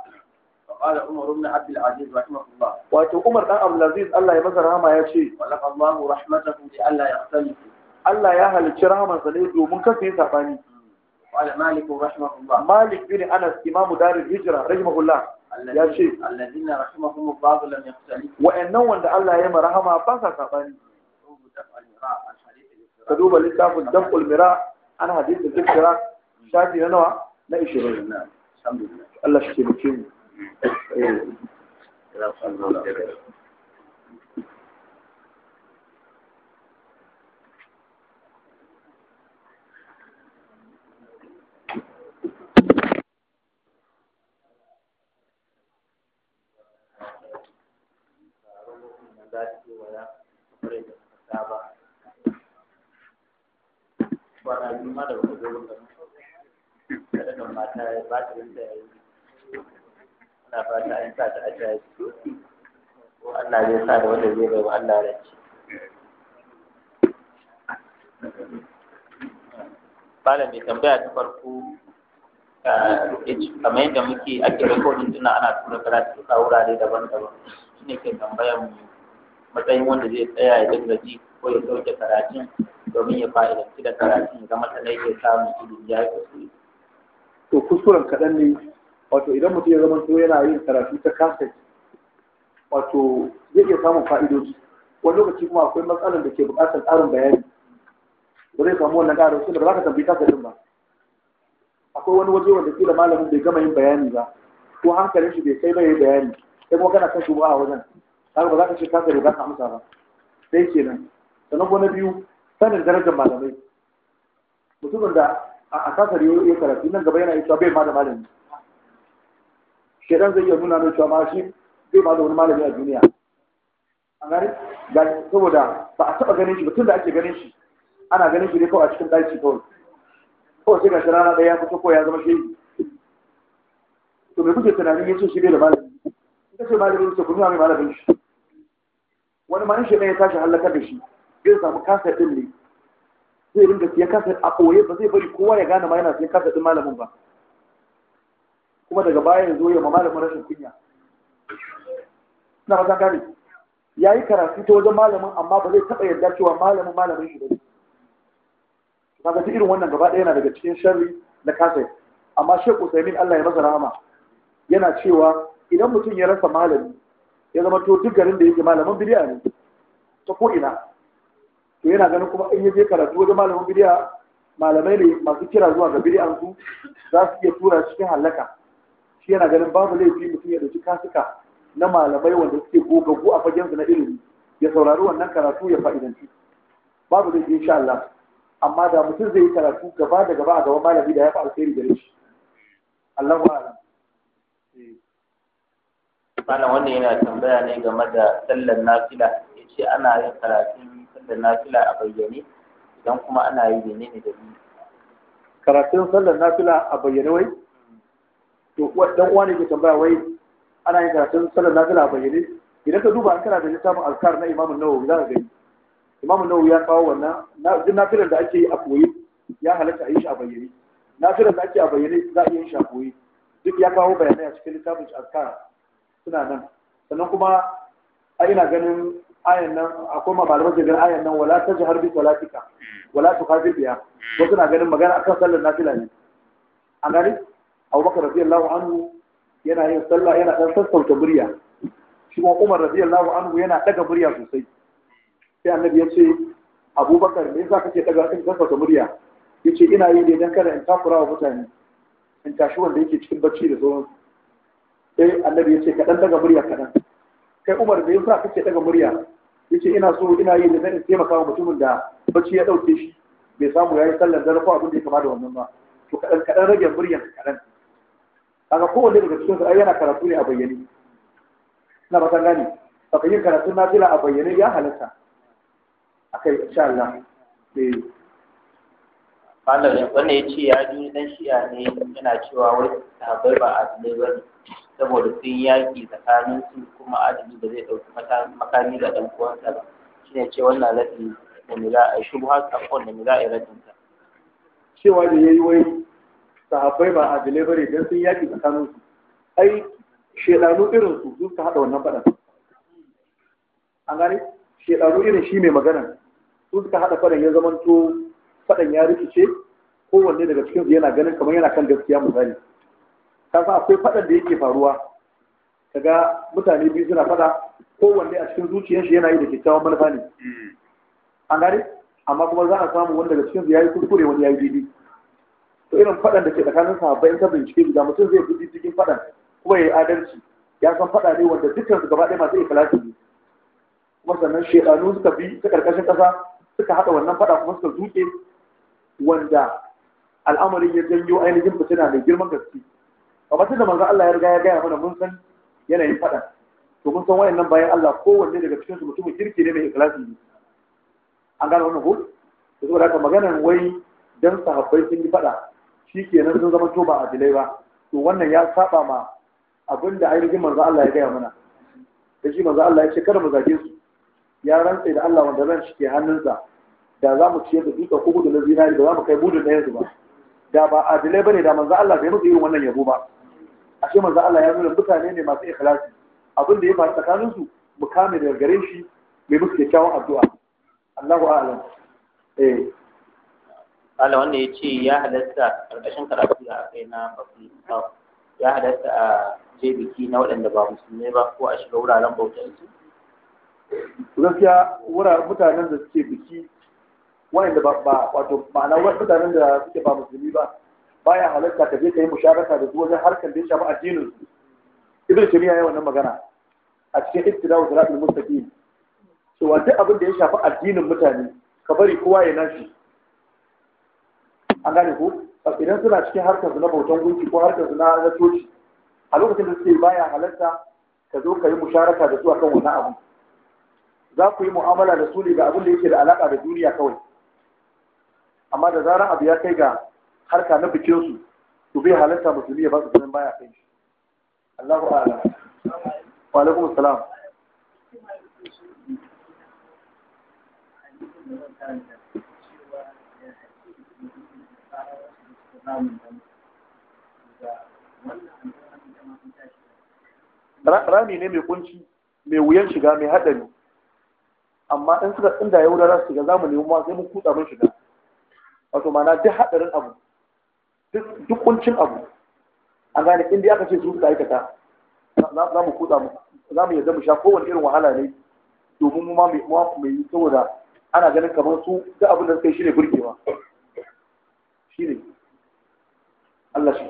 قال عمر بن عبد العزيز رحمه الله واتو عمر بن عبد العزيز الله يمسى رحمه يا شيخ ولك الله رحمته لئلا يختلفوا الله يا هل رحمه سنه دومن كسي سباني قال مالك رحمه الله مالك بن أنس إمام دار الهجرة رحمه الله يا شيخ الذين رحمهم الله لم يختلفوا وإنه عند الله يما رحمه فاسا كباني كدوب لتاف الدفع المراء أنا حديث الذكرى شافي نوع لا يشيرين الحمد لله الله شكرا za ta yi wala kamar yadda muka saba kwana biyu ma da wani gurin da kada da mata ya ba ta yin da ya yi ana fata an sa ta ajiya ko Allah zai sa da wanda zai bai wa Allah rance malam mai tambaya ta farko eh, kamar yadda muke ake rikodin tuna ana tura karatu a wurare daban-daban ne ke tambayar mu matsayin wanda zai tsaya ya dinga ji ko ya sauke karatun domin ya fa'idanci da karatun ya zama talai ya samu ya yi kuskure. To kuskuren kaɗan ne wato idan mutum ya zama yana yin karatu ta kaset wato zai iya samun fa'idoji wani lokaci kuma akwai matsalar da ke buƙatar ƙarin bayani ba zai samu wannan ƙarin su da za ka tambayi kaset ba akwai wani waje wanda kila malamin bai gama yin bayani ba ko hankalin shi bai kai ba yayi bayani sai kuma kana kan shugaba a wajen kaga ba za ka ce ka riga ka amsa ba sai kenan sannan ko na biyu sanin darajar malamai mutumin da a kasar ya karatu nan gaba yana yi cewa bai ma da malami shedan zai iya nuna mai cewa ma shi bai ma da wani malami a duniya an gani ga saboda ba a taba ganin shi ba tun da ake ganin shi ana ganin shi ne kawai a cikin ɗaki kawai kawai sai ga shi rana ɗaya ya fito ko ya zama shehi to me kuke tunanin ya ce shi bai da malami Ita ce malami ya ce ku nuna mai malamin shi wani ma shi ne ya tashi halakar da shi zai samu kasa din ne zai ringa siya kasa a koye ba zai bari kowa ya gane ma yana siya kasa din malamin ba kuma daga baya ya zo ya ma malamin rashin kunya na mazan gane ya yi karatu ta wajen malamin amma ba zai taɓa yarda cewa malamin malamin shi ba ne kaga irin wannan gaba ɗaya yana daga cikin sharri na kasa amma shekku usaimin allah ya masa rahama yana cewa idan mutum ya rasa malami ya zama to duk garin da yake malaman bidiya ne ta ko to yana ganin kuma in yaje karatu wajen malaman bidiya malamai ne masu kira zuwa ga bidiyan su za su iya tura cikin halaka shi yana ganin babu laifi mutum ya dauki kasuka na malamai wanda suke gogaggu a fagen su na ilimi ya saurari wannan karatu ya fa'idanci babu laifi insha Allah amma da mutum zai yi karatu gaba da gaba a gaban malami da ya fi alheri gare shi Allah wa'ala. Eh. malam wannan yana tambaya ne game da sallar nafila ya ce ana yin karatun sallar nafila a bayyane idan kuma ana yi ne ne da ni karatun sallar nafila a bayyane wai to dan uwa ne ke tambaya wai ana yin karatun sallar nafila a bayyane idan ka duba an kana da littafin alkar na imamu nawawi za ka gani imamu nawawi ya kawo wannan duk nafilar da ake yi a koyi ya halatta a yi shi a bayyane nafilar da ake a bayyane za a iya yin shi a koyi duk ya kawo bayanai a cikin littafin alkar suna nan sannan kuma a ina ganin ayan nan akwai malaman da ganin ayan nan wala ta jihar bi tika wala ta kafir biya wasu na ganin magana akan sallar nafila ne an gani abubakar radiyallahu anhu yana yin sallah yana dan sassauta murya shi kuma umar radiyallahu anhu yana daga murya sosai sai annabi ya ce abubakar me yasa kake daga kake sassauta murya yace ina yi ne kada in takura wa mutane in tashi wanda yake cikin bacci da sauransu sai eh, annabi ya ce kaɗan daga murya kaɗan kai umar da yasa kake daga murya ya ce ina so ina yi da zan taimaka wa mutumin da bacci ya ɗauke shi bai samu ya yi sallar dare ko abin da ya kama da wannan ba to kaɗan kadan rage muryan kaɗan kaga wanda daga cikin su ai yana karatu ne a bayyane ina ba ta gane baka yin karatu na fila a bayyane ya halatta akai insha Allah eh Malam wanda ya ce ya ji dan shi'a ne yana cewa wai sahabbai ba adalai ba ne saboda sun yaƙi tsakanin su kuma adadi da zai ɗauki makami ga ɗan uwansa ba shine ce wannan radin da mu za a yi shubha sakon da mu za a yi rafin ta cewa da ya yi wai sahabbai ba a delivery don sun yaƙi tsakanin su ai shedanu irin su su ka haɗa wannan faɗan an gane shedanu irin shi mai magana su suka haɗa faɗan ya zamanto faɗan ya rikice kowanne daga cikin su yana ganin kamar yana kan gaskiya misali kasa akwai faɗan da yake faruwa kaga mutane biyu suna faɗa kowanne a cikin zuciyar yana yi da kyakkyawan manufa ne an gane amma kuma za a samu wanda daga cikin ya yi kuskure wani ya yi daidai to irin faɗan da ke tsakanin sahabbai in ta bincike guda mutum zai bi cikin faɗan kuma ya yi adalci ya san faɗa ne wanda dukkan su gaba ɗaya masu ikhlasi ne kuma sannan shekaru suka bi ta ƙarƙashin ƙasa suka haɗa wannan faɗa kuma suka zuke wanda al'amarin ya janyo ainihin fitina mai girman gaske kamar tunda manzo Allah ya riga ya gaya mana mun san yanayin fada to mun san wayannan bayan Allah kowanne daga cikin su mutumin kirki ne mai ikhlasi ne an gane wannan ko to saboda haka maganar wai dan sahabbai sun yi fada shikenan sun zama toba a dilai ba to wannan ya saba ma abinda ainihin manzo Allah ya gaya mana da shi manzo Allah ya ce kada mu zage su ya rantsa da Allah wanda ran shi ke hannunsa da za mu ciyar da duka ko gudu na zinari da za mu kai budin da yanzu ba da ba adilai bane da manzo Allah bai musu irin wannan yabo ba ashe manzo Allah ya nuna mutane ne masu ikhlasi abin da ya faru tsakanin su mu kame daga gare shi mai musu kyakkyawan addu'a Allahu a'lam eh Allah wanda ya ce ya halatta ƙarƙashin karatu da aka yi na fasul ya halatta a je biki na waɗanda ba musulmai ba ko a shiga wuraren bautar su gaskiya wuraren mutanen da suke biki waɗanda ba wato ma'ana mutanen da suke ba musulmi ba baya halarta ka je ka yi musharaka da su wajen harkar da ya shafi addinin su ibn taymiya ya wannan magana a cikin wa siratul mustaqim cewa duk abin da ya shafi addinin mutane ka bari kowa ya nashi an gane ko idan suna cikin harkar su na bautan gunki ko harkar su na coci a lokacin da suke baya halarta ka zo ka yi musharaka da su akan wannan abu za ku yi mu'amala da su ne ga abin da yake da alaka da duniya kawai amma da zarar abu ya kai ga harka na bikin su to bai halarta musulmi ya ba su ganin baya kai Allahu a'lam wa alaikum assalam rami ne mai kunci mai wuyan shiga mai haɗari amma in suka tsinda ya wurin shiga za mu nemi ma sai mun kutsa mun shiga wato ma'ana duk haɗarin abu duk kuncin abu an gane inda aka ce su suka aikata za mu kuda mu za mu yadda mu sha kowane irin wahala ne domin mu ma mu yi saboda ana ganin kamar su duk abin da suka yi shine burgewa shine Allah shi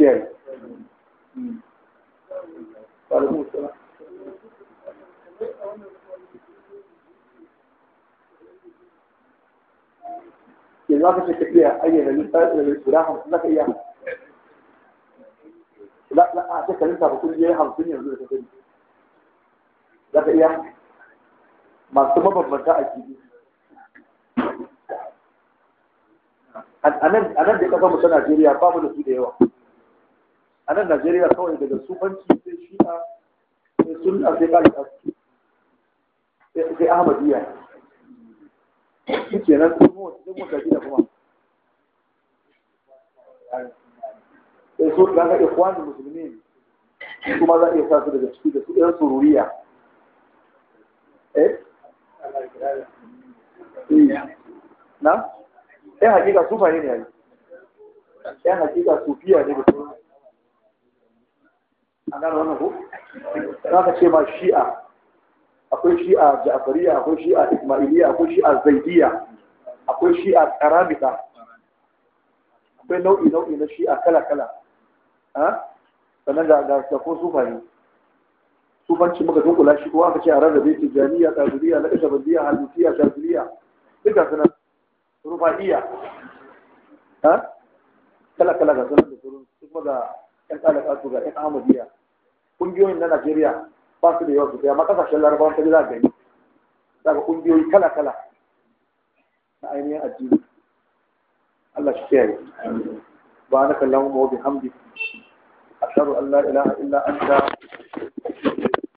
kiyaye yanzu aka ce ka iya ayyana lissafin da za ka iya za a ce ka lissafa kungiyoyi hamsin yanzu da ta sani za ka iya masu mabambanta a kiɗi a nan da ƙasar ta Najeriya ba mu da su da yawa a nan Najeriya kawai daga sufanci sai shi'a sai sunna sai ƙari sai Ahmadiyya shi kenan sun mota gida kuma sai su ga ga ikhwanul kuma za a iya sa su daga ciki da su ɗan sururiya eh, eh. na ɗan hakika su fahimta ne yayi ɗan hakika su fiya ne da sauran an gano wannan ko za ka ce ma shi'a akwai shi'a ja'fariya akwai shi'a ismailiya akwai shi'a zaidiya akwai shi'a karamita akwai nau'i nau'i na shi'a kala kala sannan ga ga ko sufaye sufanci muka dunkula shi ko aka ce a rarrabe tijaniya kadiriya na kashe bandiya halittiya shafiriya duka suna rufa'iya kala kala ga sunan da turun su kuma ga yan kalaka su ga yan ahmadiyya kungiyoyin na najeriya ba su da yawa sosai amma kasashen larabawan ta za gani daga ga kungiyoyi kala kala na ainihin addini Allah shi kiyaye ba na kallon mu hamdi أشهد أن لا إله إلا أنت